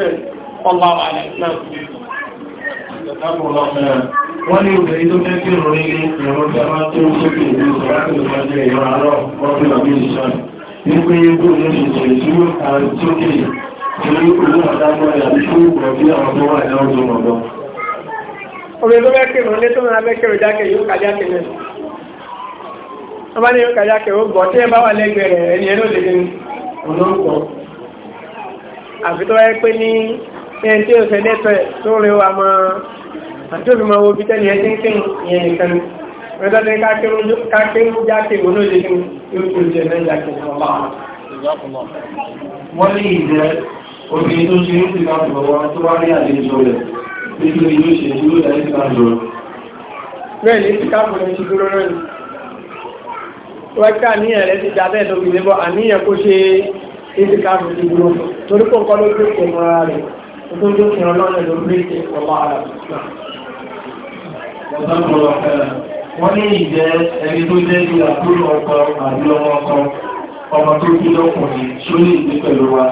Obìnrin tó bẹ́ kèrò lé tó máa bẹ́ kèrò jákè yóò kàjákè náà. Ọba ní yóò kàjákè ó gbọ́ tí ẹ bá wà lẹ́gbẹ̀ẹ́ rẹ̀ ẹni ẹ̀rọ lè ní ọlọ́pọ̀. Àfi tó wáyé pé ní ẹni tí ó fẹ́ lẹ́tọ̀ ẹ̀ tó rí wa mọ́ àti òfin máa wo bí tẹ́lẹ̀ ẹ ti ń kírun obìnrin tó ṣe ní ìgbàmọ̀wọ́ tó wá rí àlejò rẹ̀ nítorí yóò ṣe ní ìlú ìdájú Bẹ́ẹ̀ni, ní ṣe dúró náà ni. Wọ́n ká àníyàn rẹ̀ ti dá bẹ́ẹ̀ lóbi lébọ́, àníyàn kó ṣe ìsìkáàpù ti dúró. Torí kò kọ́ ló gbé kò mọ́ra rẹ̀, ó tó jó kìrọ̀ lọ́nà ló gbé ṣe ọba ara. Wọ́n ní ìjẹ́ ẹni tó jẹ́ ìyà tó lọ ọkọ̀ àbí ọmọ ọkọ̀, ọmọ tó kí lọ́kùnrin, ṣó ní ìgbé pẹ̀lú wa.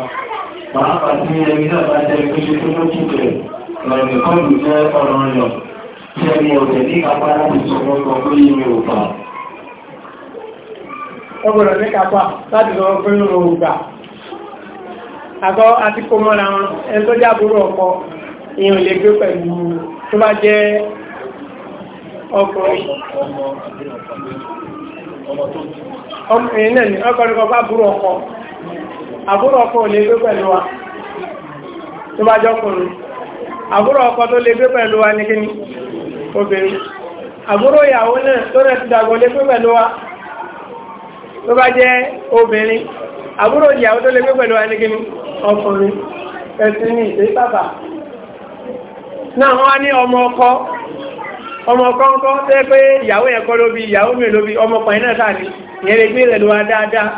pàápàá tí ẹni náà bá jẹ́ ìpínlẹ̀ tó ló kí bẹ̀rẹ̀ lọ́nà kọ́lù jẹ́ ọ̀rọ̀ yọ tí ẹni ọ̀tẹ̀ ní kápá láti sọ mọ́kàn tó yí mi ò fà. ọgbọ̀nà ní kápá láti sọ gbà àgọ́ àti kó ọkọ ìyẹn lè gbé pẹ̀lú tó bá jẹ́ àbúrò ọkọ ò lè gbé pẹ̀lú wa tó bá jọkùnrin àbúrò ọkọ tó lè gbé pẹ̀lú wa ní kíní obìnrin àbúrò ìyàwó náà tó rẹ̀ ti dàgbò lè gbé pẹ̀lú wa tó bá jẹ́ obìnrin àbúrò ìyàwó tó lè gbé pẹ̀lú wa ní kíní ọkùnrin ẹ̀sìn ní ìdí sábà náà wọ́n á ní ọmọ ọkọ ọmọ kọ́ńkọ́ tẹ́ pé ìyàwó yẹn kọ́ ló ìyàwó mi ló bí ọmọ sáà gbé ìrẹ̀lú wa dáadáa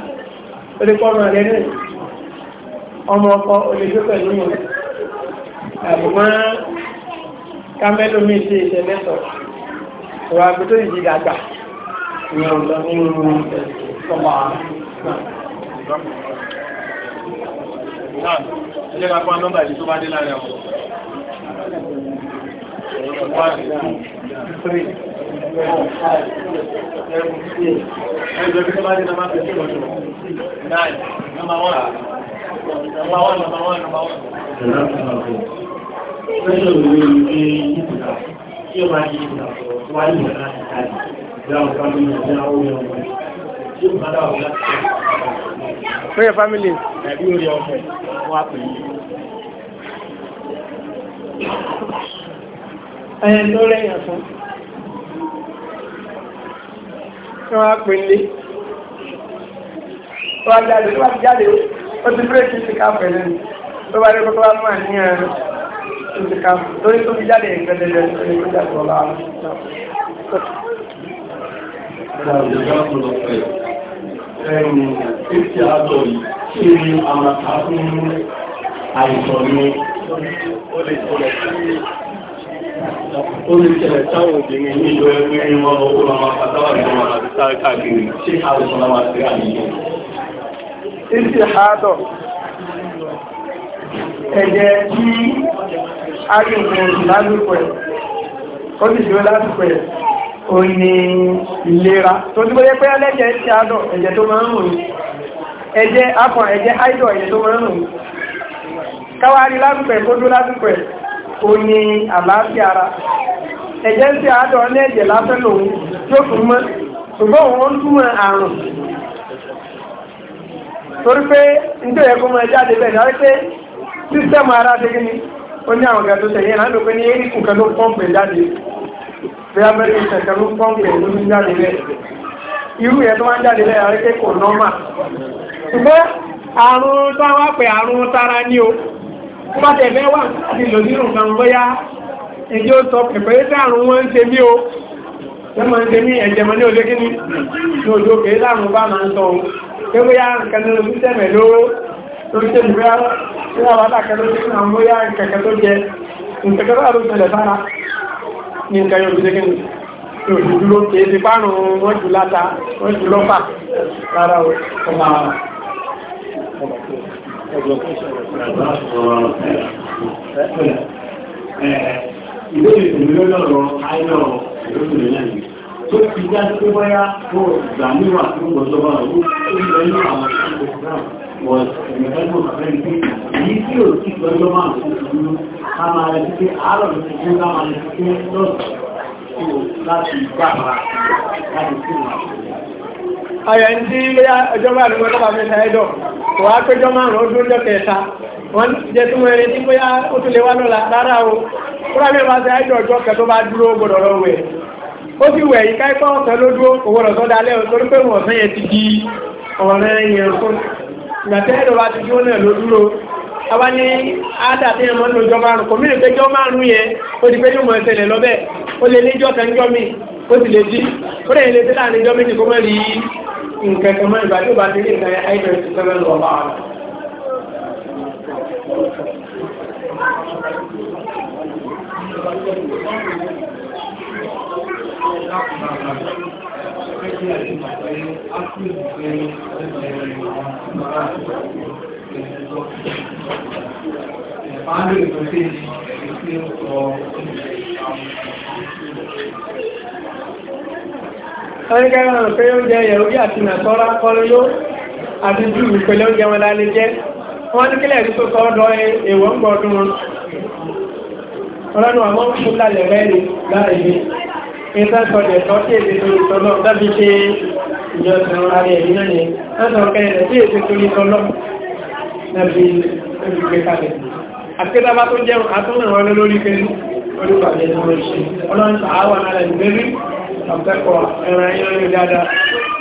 ó lè pọ́ ọmọ rẹ̀ náà ọmọ ọkọ olèjó pẹ̀lú wọn àbùmọ́ kámẹ́lómi ṣe iṣẹ́ mẹ́tọ̀ ọ̀rọ̀ àgbẹ̀tọ́ ìdí dàgbà ìyẹn ọ̀dọ́ nínú ọmọ Ilé ma fún nọ́mbà ìdí tó bá dé láàrin àwọn. Ẹgbẹ̀rún tó bá dé náà máa fi ṣe ọjọ́. Náà, nọ́mbà wọ́n. Fẹ́ yẹ fámílì. Ẹ̀bí orí ọmọ ẹ̀ wọ́n á pè é. Ẹ̀yẹn tó lẹ́yìn ọ̀sán. Wọ́n á pè é ó ti bírèkì ti ká pẹ̀lú tó bá rí kókó wá máa ní ẹ̀rọ tó ti ká lórí tó fi jáde ìgbẹ́dẹ̀dẹ̀ tó ní kó jáde ọ̀la Ẹni tí a sọ yìí, kí ni àmàkà fún àìsàn ní ó lè tọ́lẹ̀ sí oríṣẹ́lẹ̀ táwọn obìnrin nílò ẹgbẹ́ wọn ọkọ̀ máa pàtàkì wọn àwọn ọmọ àti àyíkẹ́ ìsì àádọ̀ ẹ̀jẹ̀ tí agbègbè lálùpẹ̀ ó sì ṣe lálùpẹ̀ ó ní ìlera tó tí bó yẹ pé ẹlẹ́jẹ̀ ìsì àádọ̀ ẹ̀jẹ̀ tó máa ń rùn ẹ̀jẹ̀ akọ̀ ẹ̀jẹ̀ àìdọ̀ ẹ̀jẹ̀ tó máa ń rùn káwàrí lálùpẹ̀ kó dó lálùpẹ̀ ó ní àlàáfíà ara ẹ̀jẹ̀ ìsì àádọ̀ ní ẹ̀jẹ̀ lásán lòun yóò fún mọ́ ṣùgbọ́n òun ó túmọ̀ àrùn torí pé nítorí ẹ̀kọ́ mọ́ ẹjá dé bẹ́ẹ̀ náà sísẹ́mù ara ṣe kíni ó ní àwọn gàdó tẹ̀yìn náà lópe ní eríkù kan ló pọ́ǹpì bí amẹ́ríkà kan ló pọ́ǹpì ló ń bẹ́ẹ̀ irú yẹn tó máa ń jáde bẹ́ẹ̀ àríkẹ́ kò nọ́mà ṣùgbọ́n àrùn àrùn tara n'i o wà bóyá sọ pẹ̀pẹ́ tí o wọ́n máa ń ṣe mí ẹ̀jẹ̀ mọ́ ní òjò kíní kébóyá nǹkan nínú bí tẹ́mẹ̀ lówó lórí tẹ́mù bóyá tí wọ́n wá láàkẹ́ lórí fún àwọn bóyá nǹkan tó jẹ nǹkan tó rà ló tẹ̀lẹ̀ sára ní nǹkan yóò fi dégé ní òjò dúró kìí ti párùn wọ́n jù láta wọ́n tó fi já sí wáyá tó gbà níwà tó ń lọ àwọn Èyí tí ó lọ́sọ̀ọ́ láti gbàmà láti fún Ayọ̀ ń tí ọjọ́ bá ní márùn-ún ọdún ọjọ́ kẹta, wọ́n jẹ́ tí wọ́n rẹ̀ tí bóyá ó tún lè wá lọ́la rárá o, kúrò mẹ́ta ẹ̀dọ̀ ọjọ́ kẹ bá dúró gbọ́dọ̀ lọ́wọ́ ẹ̀. ó sì wẹ̀ yí káípá ọ̀sán lójú owó lọ́sọ́ dalẹ́ o torí pé wọ́n ọ̀sán ti di ọ̀rẹ́ yẹn fún gbàtẹ́ ẹ̀dọ̀ bá ti dúró náà ló dúró ní ádà mọ́ márùn kò márùn yẹn ó ti pé yóò ẹsẹ̀ lẹ̀ lọ́bẹ̀ ó lè ní ńjọ́ mi ó sì lè ó lè kó Ẹgbẹ́rún pé oúnjẹ Yẹ̀rúbí àti Nàtọ́rá kọrin ló àti jù ìpele oúnjẹ wọn lálé jẹ́. Wọ́n ní kílẹ̀ rí tó kọ́ ọdọ́ èwọ̀ ń gbọ́ ọdún wọn. Ọlọ́nà àwọn ọmọ fún lálẹ̀ rẹ̀ láàrin ìfẹ́sọ̀dẹ̀ tọ́ sí èdè torí tọ́lọ́ dábí ṣe ìjọsìn ààrẹ ẹ̀rí náà ni ẹ̀sọ̀ kẹrẹ̀ sí èdè torí tọ́lọ́ dábí olùgbé kalẹ̀ àtẹ́lábá tó jẹun àtúnrẹ̀ wọn lórí pẹ̀lú olùpàdé ní wọ́n ṣe ọlọ́run sàáwà náà ní bẹ́rí ọ̀pẹ́kọ̀ ẹran ẹran ẹran dáadáa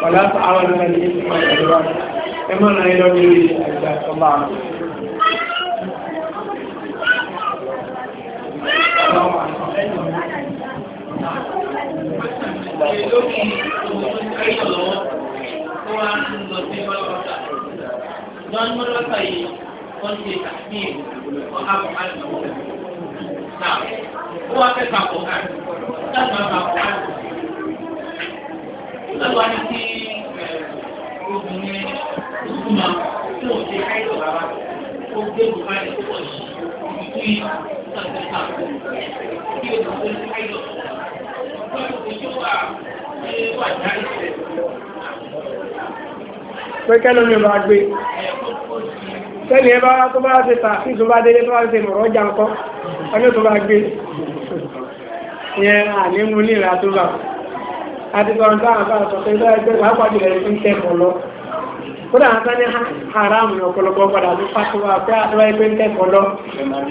wọ̀lá sàáwà náà ní ìsìnkú àjọwà ẹmọ́ náà ẹlọ́ ní orí Lọ́nà mọ́lọ́pàá yìí, wọ́n ti tàbí ọ̀há bùhá lọ́wọ́. Náà, ó wá fẹ́ kà bùhá, láti máa kà bùhá. Lọ́wọ́ ni kí obìnrin tó kú máa tó ṣe káyọ̀ bàbá ó gbé bùbá rẹ̀ tó pọ̀ sí ìdí ìtàkùnkà kí o tó fún ẹ̀yọ̀ lọ́dún tó tó wà ní wà jáde. pé kẹ́lọ́ mi máa gbé sẹ́ni ẹ bá tó bá ṣe tà sí tó bá tó bá ṣe mọ̀rọ̀ ọjà ńkọ́ ọjọ́ tó bá gbé yẹn àní mú ní ìrà tó bá àti tó ń àwọn bá sọ pé ẹgbẹ́ pàápàá jùlọ ẹni ń tẹ̀ bọ̀ lọ kódà àtà ní haram ní ọ̀pọ̀lọpọ̀ padà ní fásitì pé àtàwà ẹgbẹ́ ń tẹ́kọ̀ọ́ lọ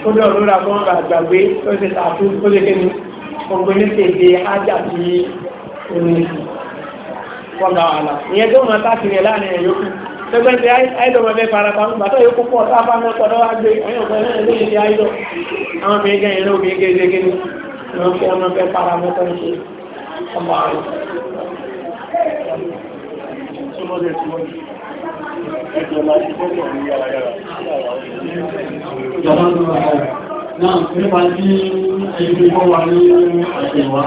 ó dọ̀ lóra fún ọ̀rọ̀ àgbàgbé ó ṣe tààtú ó ṣe kéde ọgbọ́n ní tèdè ájà sí omi wọ́gà wàhálà ìyẹn tó máa tá kiri láàrin ẹ̀yọ́ kù tẹ́gbẹ́ ti àìdọ̀mọ̀ fẹ́ fara pa gbàtọ́ yóò kó pọ̀ sáfà náà pọ̀ lọ́wọ́ gbé ẹ̀yọ̀ pẹ̀lú ẹ̀lẹ́yìn ti àìdọ̀ àwọn obìnrin gẹ̀yìn náà obìnrin gẹ̀yìn gẹ̀yìn wọ́n fẹ́ ọmọ fẹ́ para mọ́tọ́ ní ọmọ àwọn Ìjọba ń lọ ààrẹ. Náà, nípa tí ẹgbẹ́ ìwọ́ wa ní àṣẹwà,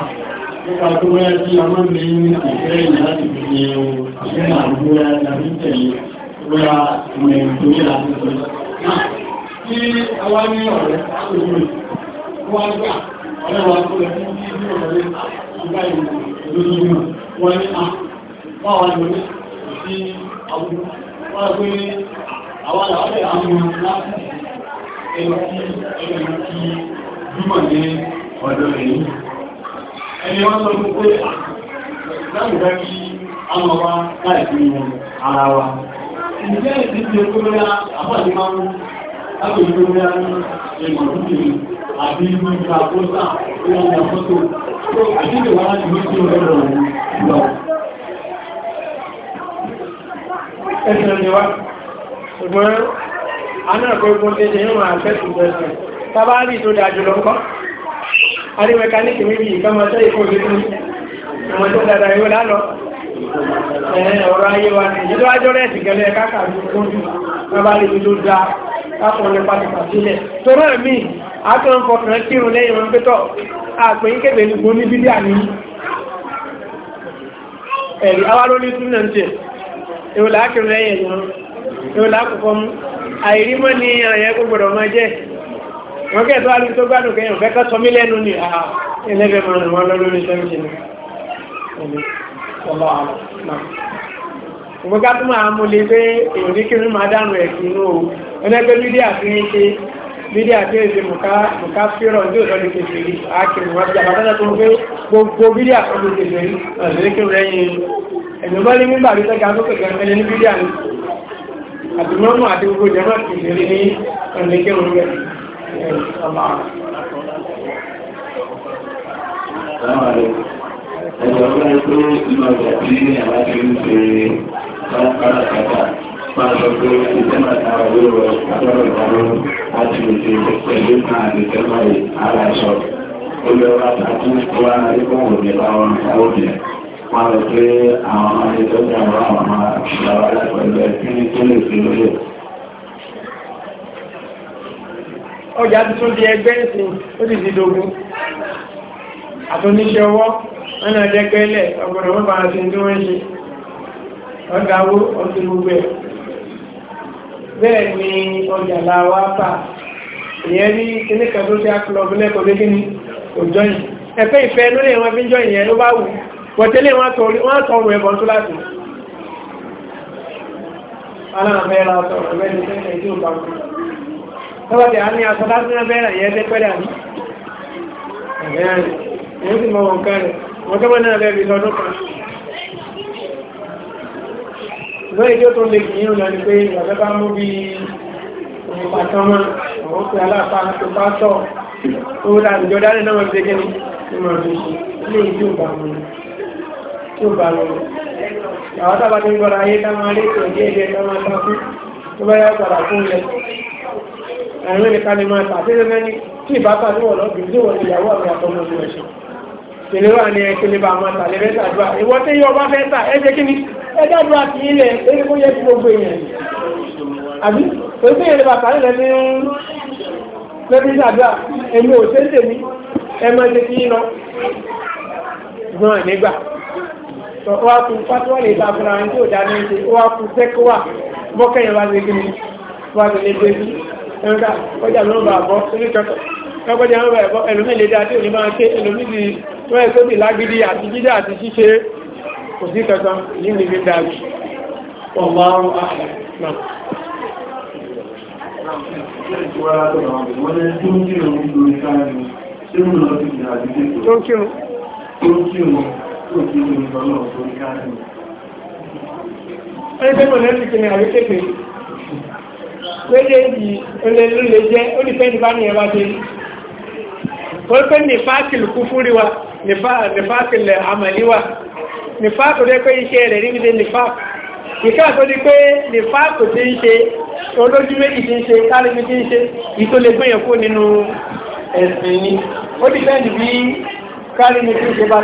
nípa tó wẹ́ tí a máa ń rí ìfẹ́ ìyá láti fi ṣe ṣe àrùgbó ya tàbí tẹ̀lé wẹ́ra ìmẹ̀rù tó yẹ láti fi. Náà, tí a wá ní ọ̀rẹ́ wọ́n gbà ọ̀rẹ́ wa wọ́n gbé àwọn àwọn àwọn láti ẹni tí jùmọ̀ ní ọ̀dọ̀ èyí ẹni wọ́n sọ fún pé láti bá kí a mọ̀ wá láìpín ara wa ìjẹ́ ìdíje tó rẹ́ àpàdé máa ń láti ìlú rẹ́ ẹgbọ̀n tó kèrè àbí ìlú ìgbà tó sáà tó wọ́n mọ̀ fọ́tò tó àdíjẹ̀ láti mọ́ sí ọ̀rẹ́ ẹ̀sìn ni wá ṣùgbọ́n anáàkókò tẹ́jẹ yóò máa fẹ́sùn jẹ́sùn tàbárí tó dájú lọ kọ́ arí mẹkaníkì méjì ìkọmọtẹ́ ìfòdí ní ọmọdé dada ìwé lálọ ọ̀rọ̀ ayé wa ní ìjọ ajọ́ rẹ̀ sì gẹ̀lẹ́ káàkiri lójú tàbárí tó dá kápọ̀lẹ̀ pàtàkìlẹ̀ tọ́rọ mi akọ́nfọkàn kírun lẹ́yìn wọn pẹ́tọ̀ àpẹ́yìn kébẹ̀ ní gbóní bídíà ní ẹ̀rí awárólé túnlẹ̀ ń tẹ̀ èwo làákìrò lẹ́yìn ẹ̀yàn èwo làákùkọ́ mú àìrímọ́ ni àyẹ́ kó gbọ́dọ̀ máa jẹ́ wọ́n kẹ́ tó wá lórí tó gbádùn kẹ́yàn fẹ́ kọ́ sọ mí lẹ́nu ni àà ẹlẹ́fẹ́ máa rìn wọ́n lọ́lọ́rí sẹ́mìtì ni ọlọ́ àlọ́ náà òun ká tó máa mú lé pé èèyàn ní kí ní máa dánù ẹ̀ sí inú o tó ń gbé gbogbo mídíà kan ní rí ọ̀sẹ̀ ní kí ẹ̀yìn bá ní mímbà rí tẹ́gà tó kẹ̀kẹ́ ẹni ní bídíà ní àtìmọ́mù àti gbogbo jẹ́mọ́ ti ṣe rí ní ẹ̀lẹ́kẹ́ òun rẹ̀ ọ̀la. Ẹ̀jọ̀ fún ẹ pé ìmọ̀ ìjà tí àwọn ti ń ṣe káràkátà máa sọ pé ìṣẹ́ máa ta ọ̀rọ̀ rẹ̀ látọ̀rọ̀ ìdáwọ́ láti lè ṣe pẹ̀lú máa lè tẹ́lẹ̀ wọ́n lọ pé àwọn ọmọdé tó jẹ́ àwọn ọmọ ìṣàwọ́ alápẹ̀lẹ̀ kí ní tó lè fi lóye. ọjà tuntun di ẹgbẹ́ ìsìn ó ti di dogun àtúnníṣẹ́ ọwọ́ wọn náà dẹ́gbẹ́lẹ̀ ọgbọ̀dọ̀ wọn bá ti ń tí wọ́n ṣe ọjà owó ọtún gbogbo ẹ̀ bẹ́ẹ̀ ni ọjà làwọn apá ìyẹn ní kíníkà tó ṣe á kúlọ̀ ọ̀gbẹ́lẹ̀ kò dé kíní kò jọyìn ẹ̀fẹ́ ìfẹ́ lórí ẹ̀wọ̀n fi ń pọ̀tẹ́lẹ̀ wọ́n tọ́ ọ̀rọ̀ ẹ̀bọ̀n tó láti aláàbẹ̀ẹ́ra sọ̀rọ̀ ẹ̀bẹ̀ẹ́ni tẹ́lẹ̀ tí ó bá kú tọ́bàtẹ̀ a ní aṣọ láti ní abẹ́rẹ̀ yẹ́ tẹ́ pẹ́lẹ̀ àmì ẹ̀bẹ̀ẹ́rin èyí sì mọ̀ wọn kẹrẹ̀ wọ́n tọ́bà náà bẹ́ẹ̀ bí lọ́dún kan ṣùgbọ́n ìjọ tó lè kìí rùn lọ́ni pé ìyàbẹ́ bá mú bí ìpàtọ́mọ́ àwọn pé aláàpá tó bá tọ̀ ó dà ìjọ dání náà wọ́n ti gẹ́ni ní màá fi ṣe ilé tí ó bá lọ àwọn tàbá ti ń gbọ́ra ayé ká máa rí ètò ìdí èdè ká máa tán fún tó bá yá padà fún ilẹ̀ ẹ̀rọ ìka ni máa tà sí lẹ́ni tí ìbáta ní wọ̀ lọ́dún tí wọ́n ìyàwó àmì àtọmọ ọmọ ẹ̀ṣẹ̀ tèlé wà ní ẹ̀kẹ́ lè bá máa tà lẹ́fẹ́ tàdúrà ìwọ́n tí yọ bá fẹ́ tà ẹ jẹ́ kí ni ẹ dàdúrà ti ilẹ̀ ẹni kó yẹ kí gbogbo èèyàn àbí òun tí ní é tèmi lọ gbọ́n nígbà tọ́ ó wá kú fatuwa lè ta fúnra ẹni tí ò dáná ẹni tí ó wá kú sẹ́kọ́wà bọ́kẹ́yìn wá lẹ́gbẹ̀ẹ́ mi wá lè lè gbèsè ẹ̀ka ọjà ló ń bà bọ́ sínú kẹ́kọ̀ọ́ lọ́gbọ́jà ń bà ẹ̀bọ́ ẹlòmíì lè dáa tí ò ní máa ké ẹlòmíì ti kò sí ìrìnlọ náà tó ní káàkiri. ẹgbẹ́ mọ̀ lẹ́sì kìnnì àrí kéèkè méjèèjì olèlúlè jẹ́ olùfẹ́ni bá ní ẹwà dé ó pé nífàákìlì kú fúrí wa nífàákìlì àmàlí wa nífàákò dé pé iṣẹ́ rẹ̀ rí níbi nífàákò ìká tó di pé nífàákò ti ń ṣe olójú méjì ti ń ṣe kálíbi ti ń ṣe ìtò lè gbìyàn kó nínú ẹ̀sìn ni ó dìfẹ́ǹdì bí kálíbi ti ń ṣe bá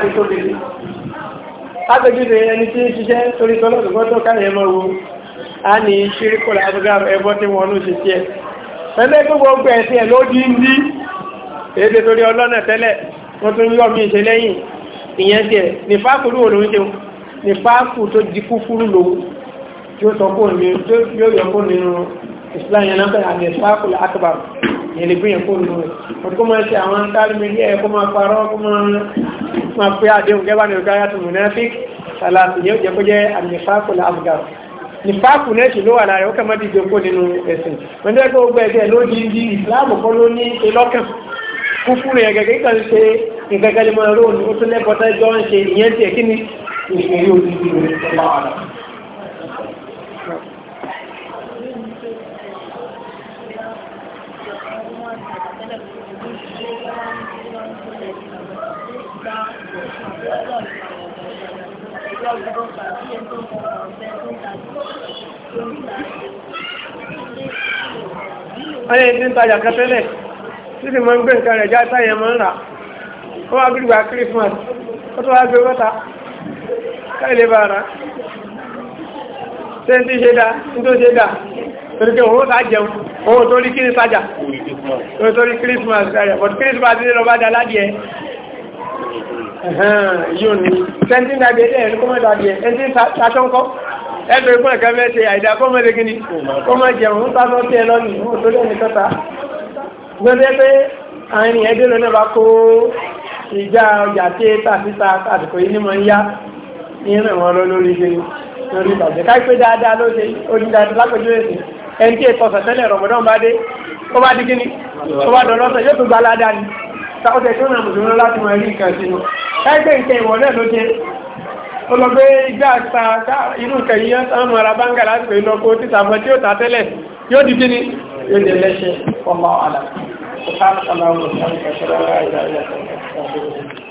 agbẹ́júdé ẹni tí ń ṣiṣẹ́ torí tọ́lọ́dùgbọ́n tó káyẹ mọ́ wo a ní ṣíríkò lágbàgbà ẹbọ́ tí wọ́n ló ṣe tí ẹ ẹgbẹ́ gbogbo ọgbẹ́ ẹ̀sìn ẹ̀ ló dín dí èdè torí ọlọ́nà tẹ́lẹ̀ wọ́n tún yọ mí ṣe lẹ́yìn ìyẹn tiẹ̀ nífàkù ló ló ń ṣeun nífàkù tó di kúfúrú ló yóò sọ fóònù yóò yọ fóònù nínú ìsìláyìn náà ìyẹn lè gbìyàn kó nù rẹ̀ wọ́n kó máa ṣe àwọn táàrí méjì ẹ̀ kó máa parọ́ kó máa pé àdéhùn gẹ́gbà ní ọgá yàtọ̀ munafik sàlàtì yóò jẹ́ kó jẹ́ àmìfáàkù làbùgà nìfáàkù náà ṣì ló wà lára ó kà má di ìjọ kó nínú ẹ̀sìn wọ́n jẹ́ kó gbẹ ẹgbẹ́ ló di di ìsìláàmù kọ́ ló ní elọ́kàn kúkú rẹ̀ gẹ́gẹ́ kan ṣe nǹkan gẹ́gẹ́ mọ́ ẹ̀rọ òní ó tún lẹ́bọ̀tá ẹjọ́ ń ṣe ìyẹn tiẹ̀ kí ni ìṣèlú òdìdí rẹ̀ ọgbọ̀n ọgbà bí ẹ tó ń bọ̀ ọ̀fẹ́ tó ń tàbí lórí ìlànà. ayé ní ìtajà kẹtẹlẹ títí máa ń gbé nǹkan rẹ̀ já táyà máa ń rà ó wá gbígbà kírísímàsì ó tó wá gbé mọ́ta káìlè bá rà ṣé ń tí ṣe dá ń tó ṣe dá torí pé òun ó ta jẹun òun tó rí kírísímàsì káyà bọ̀t kírísímàsì lọ bá dá ládìẹ yóò ní tẹ́ntí dàbí ẹ̀dẹ́ ẹ̀rí kọ́mọ́ dàbí ẹ̀ ẹ̀ntí sàtọ́ńkọ́ ẹ̀bẹ̀ ìpọ́n ẹ̀ka fẹ́ ṣe àìdá kọ́mọ́ lé gíní kọ́mọ́ jẹun ń sáfọ́ sí ẹ lọ́nìí mú tó lẹ́nu kọ́ta gbọ́dọ̀ pé àárín ẹ̀dẹ́ lọ́nà bá kó ìjà ọjà tí ẹ tà síta àsìkò yìí ní mọ̀ ń yá ìrìn wọn lọ lórí gíní lórí ìbàjẹ́ káìpé dáadáa ló ṣe onídàájú lápẹjọ́ ẹ̀sìn ẹni tí ètò ọ̀sẹ̀ tẹ́lẹ̀ rọ̀mọdán bá dé ó bá di gíní ó bá dọ̀ lọ́sẹ̀ yóò tún gba aládàá ni ọ̀sẹ̀ tó náà mùsùlùmí láti mọ̀ rí nǹkan sínú ẹgbẹ́ ìkẹ́ ìwọ̀ náà ló jẹ́ olọ́gbé igbá ta inú kẹyìn ọmọ ara báńgà láti pè lọ́kọ́ títà mọ́ tí ó tà tẹ́lẹ̀ yóò di kíní yóò di ẹlẹ́ṣẹ́ ọmọ àlà